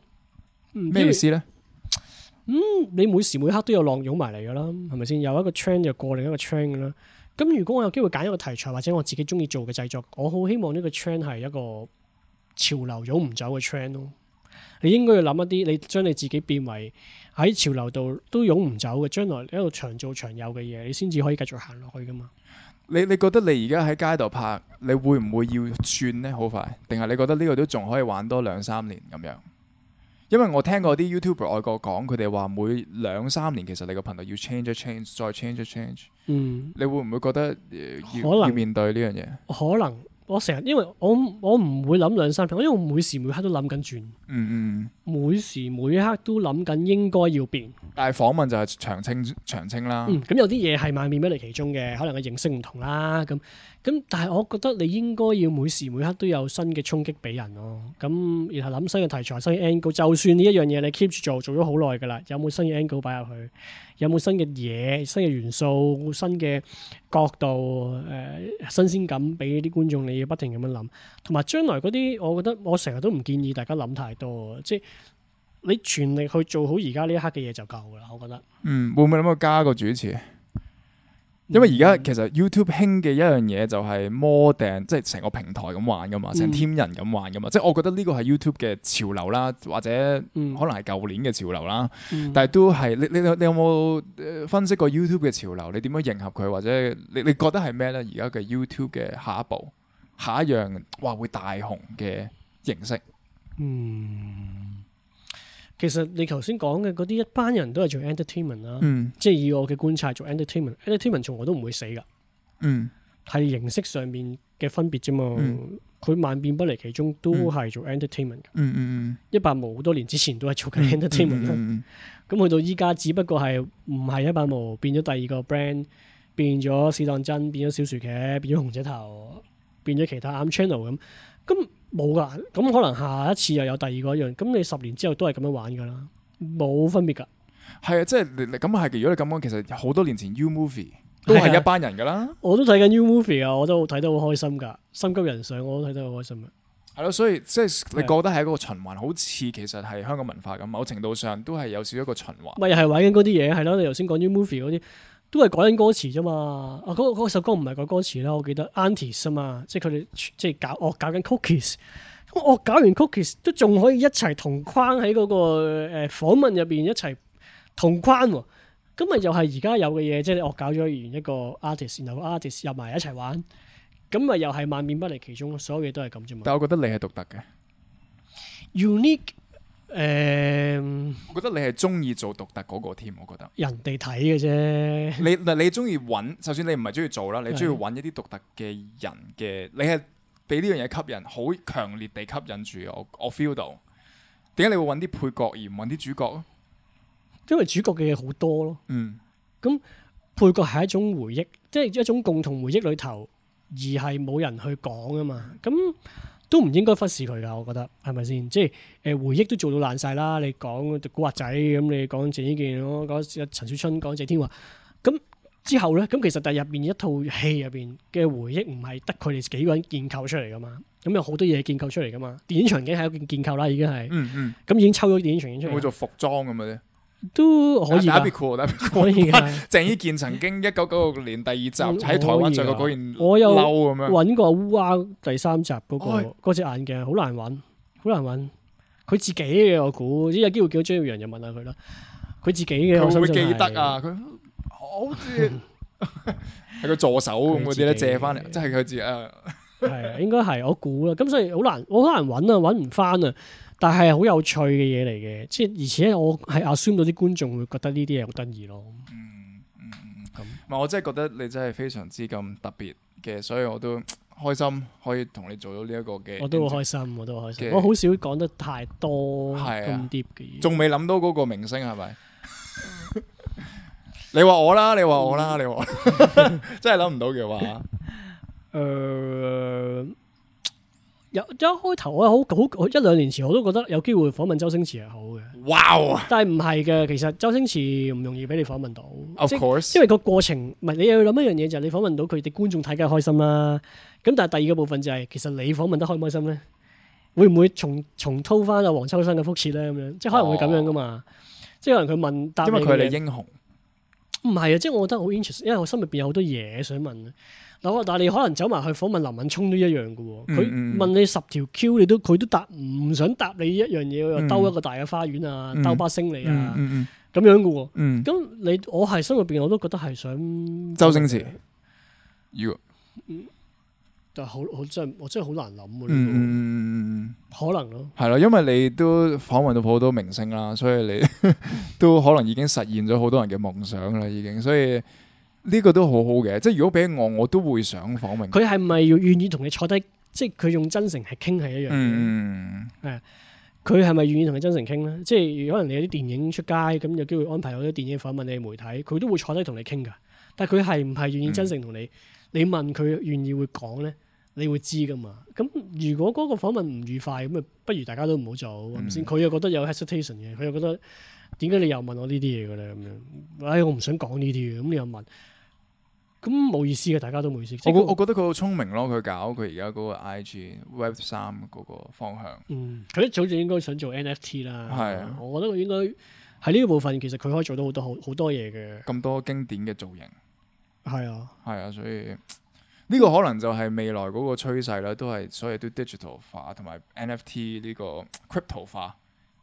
咩意思咧？咁、嗯、你每時每刻都有浪湧埋嚟噶啦，係咪先？有一個 trend 就過另一個 trend 噶啦。咁如果我有機會揀一個題材，或者我自己中意做嘅製作，我好希望呢個 trend 係一個潮流湧唔走嘅 trend 咯。你應該要諗一啲，你將你自己變為喺潮流度都湧唔走嘅、將來喺度長做長有嘅嘢，你先至可以繼續行落去噶嘛。你你覺得你而家喺街度拍，你會唔會要轉呢？好快，定係你覺得呢個都仲可以玩多兩三年咁樣？因為我聽過啲 YouTuber 外國講，佢哋話每兩三年其實你個頻道要 change a change，再 change a change。嗯，你會唔會覺得要可能要，要面對呢樣嘢？可能我成日，因為我我唔會諗兩三年，因為我每時每刻都諗緊轉。嗯，嗯每時每刻都諗緊應該要變。但係訪問就係長青長青啦。咁、嗯、有啲嘢係萬變不離其中嘅，可能個形式唔同啦。咁。咁但係我覺得你應該要每時每刻都有新嘅衝擊俾人咯、啊，咁然後諗新嘅題材、新嘅 angle，就算呢一樣嘢你 keep 住做，做咗好耐噶啦，有冇新嘅 angle 擺入去？有冇新嘅嘢、新嘅元素、新嘅角度、誒、呃、新鮮感俾啲觀眾？你要不停咁樣諗，同埋將來嗰啲，我覺得我成日都唔建議大家諗太多，即係你全力去做好而家呢一刻嘅嘢就夠啦。我覺得。嗯，會唔會諗過加一個主持？因為而家其實 YouTube 興嘅一樣嘢就係 model，即係成個平台咁玩噶嘛，成千、嗯、人咁玩噶嘛，即、就、係、是、我覺得呢個係 YouTube 嘅潮流啦，或者可能係舊年嘅潮流啦。嗯、但係都係你你你有冇分析過 YouTube 嘅潮流？你點樣迎合佢？或者你你覺得係咩呢？而家嘅 YouTube 嘅下一步、下一樣哇會大紅嘅形式？嗯。其實你頭先講嘅嗰啲一班人都係做 entertainment 啦、啊，嗯、即係以我嘅觀察做 entertainment，entertainment 從來、嗯、都唔會死噶，係、嗯、形式上面嘅分別啫嘛，佢、嗯、萬變不離其中都係做 entertainment。一百、嗯嗯嗯嗯、毛好多年之前都係做緊 entertainment，咁去、嗯嗯嗯嗯、到依家只不過係唔係一百毛變咗第二個 brand，變咗史當真，變咗小薯茄，變咗紅姐頭，變咗其他啱 channel 咁。咁冇噶，咁可能下一次又有第二個一樣。咁你十年之後都係咁樣玩噶啦，冇分別噶。係啊，即係你你咁係。如果你咁講，其實好多年前 U movie 都係一班人噶啦。我都睇緊 U movie 啊，mo vie，我都睇得好開心噶，心急人上，我都睇得好開心啊。係咯，所以即係你覺得係一個循環，的好似其實係香港文化咁，某程度上都係有少一個循環。咪又係玩緊嗰啲嘢係咯，你頭先講 U movie 嗰啲。都係講緊歌詞啫嘛，嗰、啊、嗰首歌唔係改歌詞啦，我記得 artist 啊嘛，即係佢哋即係搞惡、哦、搞緊 cookies，惡、哦、搞完 cookies 都仲可以一齊同框喺嗰、嗰個誒、呃、訪問入邊一齊同框喎，咁咪又係而家有嘅嘢，即係惡搞咗完一個 artist，然後 artist 入埋一齊玩，咁咪又係萬變不離其中，所有嘢都係咁啫嘛。但係我覺得你係獨特嘅，unique。Un 誒、嗯那個，我覺得你係中意做獨特嗰個添，我覺得人哋睇嘅啫。你嗱，你中意揾，就算的你唔係中意做啦，你中意揾一啲獨特嘅人嘅，你係俾呢樣嘢吸引，好強烈地吸引住我，我 feel 到。點解你會揾啲配角而唔揾啲主角？因為主角嘅嘢好多咯。嗯，咁配角係一種回憶，即係一種共同回憶裏頭，而係冇人去講啊嘛。咁。都唔應該忽視佢噶，我覺得係咪先？即係誒回憶都做到爛晒啦！你講古惑仔咁，你講鄭伊健囉，講陳小春，講謝天華，咁之後咧，咁其實但係入邊一套戲入邊嘅回憶，唔係得佢哋幾個人建構出嚟噶嘛？咁有好多嘢建構出嚟噶嘛？電影場景係有建構啦，已經係，嗯嗯，咁已經抽咗電影場景出嚟。嗯嗯、會做服裝咁嘅啫。都可以可以啊！ <laughs> 鄭伊健曾經一九九六年第二集喺台灣做過嗰我有嬲咁樣。揾過烏鴉第三集嗰、那個隻、哎、眼鏡，好難揾，好難揾。佢自己嘅，我估，有機會見到張耀揚就問下佢啦。佢自己嘅會記得啊！佢、啊、好似係 <laughs> <laughs> 個助手咁嗰啲咧，借翻嚟，即係佢自己。啊，係啊， <laughs> 應該係我估啦。咁所以好難，我好難揾啊，揾唔翻啊。但係好有趣嘅嘢嚟嘅，即係而且我係阿 s 到啲觀眾會覺得呢啲嘢好得意咯。嗯樣嗯，咁，唔係我真係覺得你真係非常之咁特別嘅，所以我都開心可以同你做到呢一個嘅。我都好開心，我都好開心。で我好少講得太多咁 d e e 嘅嘢。仲未諗到嗰個明星係咪？是是 <laughs> 你話我啦，你話我啦，你我啦 <laughs> 話，真係諗唔到嘅話，誒。有一開頭我好好一兩年前我都覺得有機會訪問周星馳係好嘅。哇！Wow. 但係唔係嘅，其實周星馳唔容易俾你訪問到。Of course，因為個過程唔係你又要諗一樣嘢，就係、是、你訪問到佢哋觀眾睇緊開心啦、啊。咁但係第二個部分就係、是、其實你訪問得開唔開心咧？會唔會重重操翻阿黃秋生嘅覆轍咧？咁樣即係可能會咁樣噶嘛？Oh. 即係可能佢問答因為佢哋英雄。唔係啊！即係我覺得好 interesting，因為我心入邊有好多嘢想問。但係你可能走埋去訪問林敏聰都一樣嘅喎、哦，佢、嗯嗯、問你十條 Q，你都佢都答唔想答你一樣嘢，又兜、嗯、一個大嘅花園啊，兜、嗯、巴星你啊，咁、嗯嗯、樣嘅喎、哦。咁、嗯、你我係心入邊我都覺得係想周星馳。要，但係好好真係我真係好難諗、啊。嗯可能咯、啊。係咯，因為你都訪問到好多明星啦，所以你 <laughs> 都可能已經實現咗好多人嘅夢想啦，已經，所以。呢個都好好嘅，即係如果俾我，我都會想訪問。佢係咪要願意同你坐低？即係佢用真誠係傾係一樣嘅。誒、嗯，佢係咪願意同你真誠傾咧？即係可能你有啲電影出街，咁有機會安排好多電影訪問你嘅媒體，佢都會坐低同你傾㗎。但係佢係唔係願意真誠同你？嗯、你問佢願意會講咧？你會知㗎嘛？咁如果嗰個訪問唔愉快，咁不如大家都唔好做，先、嗯？佢又覺得有 hesitation 嘅，佢又覺得點解你又問我呢啲嘢嘅咧？咁樣，哎，我唔想講呢啲嘢。咁你又問？咁冇意思嘅，大家都冇意思。我我覺得佢好聰明咯，佢搞佢而家嗰個 IG Web 3嗰個方向。嗯，佢一早就應該想做 NFT 啦。係啊，我覺得佢應該喺呢個部分，其實佢可以做到好多好好多嘢嘅。咁多經典嘅造型，係啊，係啊，所以呢個可能就係未來嗰個趨勢啦，都係所謂啲 digital 化同埋 NFT 呢個 crypto 化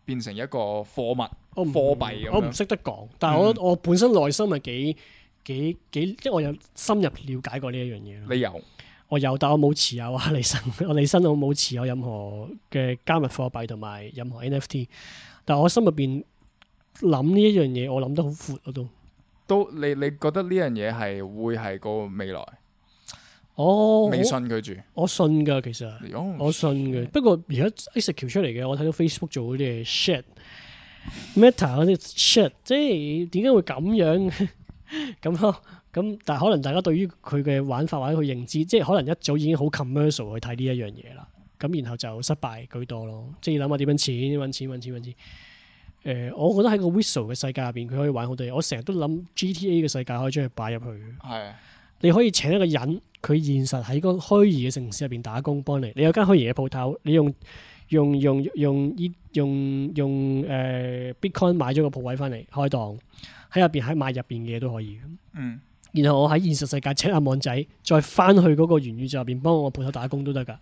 變成一個貨物、貨幣。我我唔識得講，但係我我本身內心係幾。幾幾即係我有深入了解過呢一樣嘢咯。你有我有，但我冇持有啊。李生，我李生我冇持有任何嘅加密貨幣同埋任何 NFT。但係我心入邊諗呢一樣嘢，我諗得好闊我都都。你你覺得呢樣嘢係會係個未來？哦、信我信佢住，我信㗎其實。你用 我信嘅信，不過而家 XQ 出嚟嘅，我睇到 Facebook 做嗰啲 shit，Meta 嗰啲 shit，即係點解會咁樣？ <laughs> 咁咯，咁 <laughs> 但係可能大家對於佢嘅玩法或者佢認知，即係可能一早已經好 commercial 去睇呢一樣嘢啦。咁然後就失敗居多咯，即係諗下點樣錢，搵錢，搵錢，搵錢。誒、呃，我覺得喺個 whistle 嘅世界入邊，佢可以玩好多嘢。我成日都諗 GTA 嘅世界可以將佢擺入去。係的，你可以請一個人，佢現實喺個虛擬嘅城市入邊打工，幫你。你有間虛擬嘅鋪頭，你用用用用用用誒、呃、Bitcoin 買咗個鋪位翻嚟開檔。喺入邊喺買入邊嘅嘢都可以嗯，然後我喺現實世界請暗網仔再翻去嗰個元宇宙入邊幫我鋪頭打工都得噶，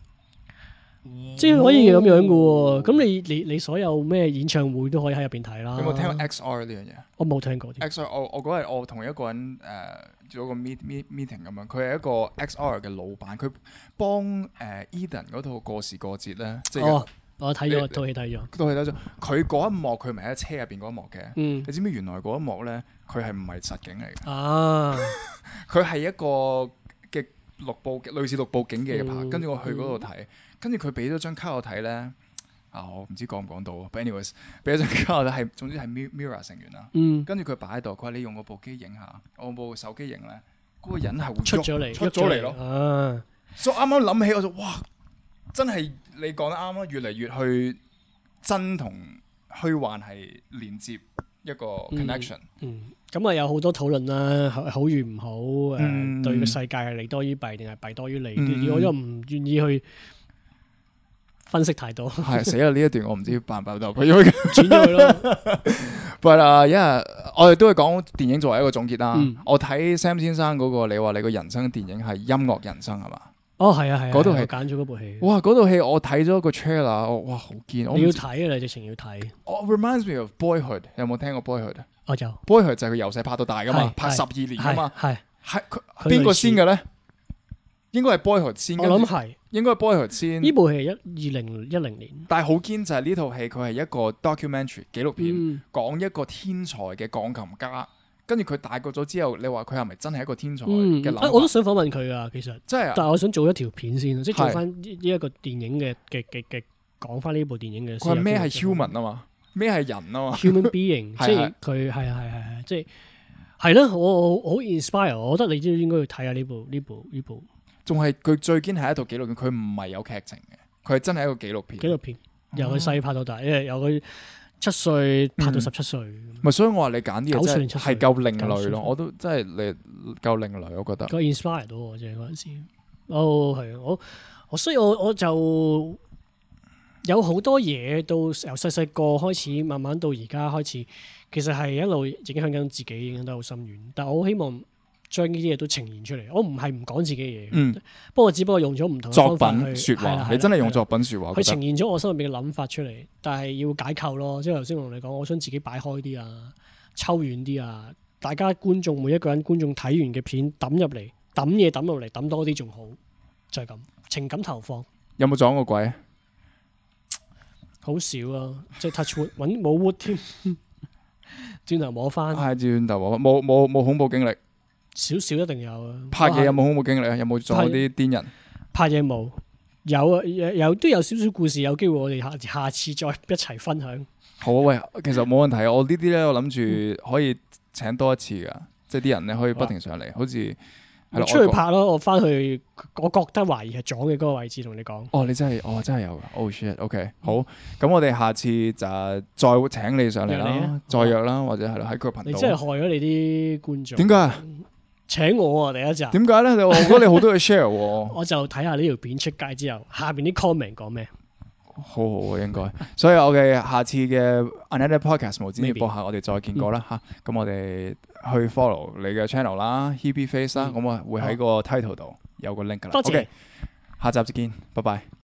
即係可以咁、嗯、樣嘅喎。咁、哦、你你你所有咩演唱會都可以喺入邊睇啦。有冇聽過 XR 呢樣嘢？我冇聽過。XR 我我嗰日我同一個人誒、uh, 做一個 meet meet meeting 咁樣，佢係一個 XR 嘅老闆，佢幫誒 Eden 嗰套過時過節咧，即係。哦我睇咗，套戲睇咗。套戲睇咗。佢嗰一幕，佢唔係喺車入邊嗰一幕嘅。嗯。你知唔知原來嗰一幕咧，佢係唔係實景嚟嘅？啊！佢係 <laughs> 一個嘅綠布，類似綠布景嘅拍。跟住、嗯、我去嗰度睇，跟住佢俾咗張卡我睇咧。啊，我唔知講唔講到啊。But、anyways，俾咗張卡我咧，係，總之係 Mirror 成員啦。跟住佢擺喺度，佢話你用我部機影下，我部手機影咧，嗰、嗰個人係出咗嚟，出咗嚟咯。啊！所以啱啱諗起我就哇～真係你講得啱咯，越嚟越去真同虛幻係連接一個 connection、嗯。嗯，咁啊有好多討論啦，好與唔好，誒、嗯呃、對個世界係利多於弊定係弊多於利啲，嗯、我又唔願意去分析太多。係死啦！呢 <laughs> 一段我唔知辦唔辦到，佢因為轉咗去咯。 <laughs> <laughs> But 啊、uh, yeah,，我哋都係講電影作為一個總結啦。嗯、我睇 Sam 先生嗰、那個，你話你個人生電影係音樂人生係嘛？哦，係啊，係嗰度係。我揀咗嗰部戲。哇，嗰部戲我睇咗個 trailer，哇，好堅！你要睇啊，直情要睇。我 reminds me of Boyhood，有冇聽過 Boyhood 啊？我就 Boyhood 就係佢由細拍到大噶嘛，拍十二年噶嘛。係係佢邊個先嘅咧？應該係 Boyhood 先。我諗係應該係 Boyhood 先。呢部戲係一二零一零年。但係好堅就係呢套戲，佢係一個 documentary 紀錄片，講一個天才嘅鋼琴家。跟住佢大個咗之後，你話佢係咪真係一個天才嘅諗法？我都想訪問佢㗎，其實。即係，但係我想做一條片先，即係做翻呢一個電影嘅嘅嘅嘅講翻呢部電影嘅。咩係 human 啊嘛，咩係人啊嘛，human being，即係佢係係係即係係咯，我好 inspire，我覺得你都應該要睇下呢部呢部呢部。仲係佢最堅係一套紀錄片，佢唔係有劇情嘅，佢係真係一個紀錄片。紀錄片由佢細拍到大，因為由佢。七歲拍到十七歲，咪、嗯、樣所以我話你揀啲，係夠另類咯。歲我都真係你夠另類，我覺得。個 inspire 到我啫嗰陣時，哦係，我我所以我我就有好多嘢，到由細細個開始，慢慢到而家開始，其實係一路影響緊自己，影響得好深遠。但我好希望。將呢啲嘢都呈現出嚟，我唔係唔講自己嘢，嗯、不過只不過用咗唔同作品說話。的你真係用作品說話，佢的的呈現咗我心入邊嘅諗法出嚟。但係要解構咯，即係頭先我同你講，我想自己擺開啲啊，抽遠啲啊，大家觀眾每一個人觀眾睇完嘅片抌入嚟，抌嘢抌落嚟，抌多啲仲好，就係、是、咁，情感投放。有冇撞過鬼？ <laughs> 好少啊，即、就、係、是、touch wood，揾冇 wood 添，轉頭 <laughs> <laughs> 摸翻。係轉頭摸翻，冇冇冇恐怖經歷。少少一定有啊！拍嘢有冇恐怖經歷啊？有冇撞啲癲人？拍嘢冇，有啊，有有都有少少故事。有機會我哋下下次再一齊分享。好喂，其實冇問題啊！我呢啲咧，我諗住可以請多一次噶，即係啲人你可以不停上嚟。好似出去拍咯，我翻去我覺得懷疑係撞嘅嗰個位置，同你講。哦，你真係，哦真係有噶。Oh shit！OK，好，咁我哋下次就再請你上嚟啦，再約啦，或者係喺佢頻道。你真係害咗你啲觀眾。點解？請我啊第一集，點解咧？我覺得你好多嘢、啊、share， <laughs> 我就睇下呢條片出街之後，下邊啲 comment 講咩，好好啊應該。 <laughs> 所以我嘅、okay, 下次嘅 another podcast 唔知要播下，Maybe. 我哋再見過啦吓。咁、嗯啊、我哋去 follow 你嘅 channel 啦，Hebe Face 啦，咁我、嗯嗯、會喺個 title 度有個 link 啦。多謝，okay, 下集再見，拜拜。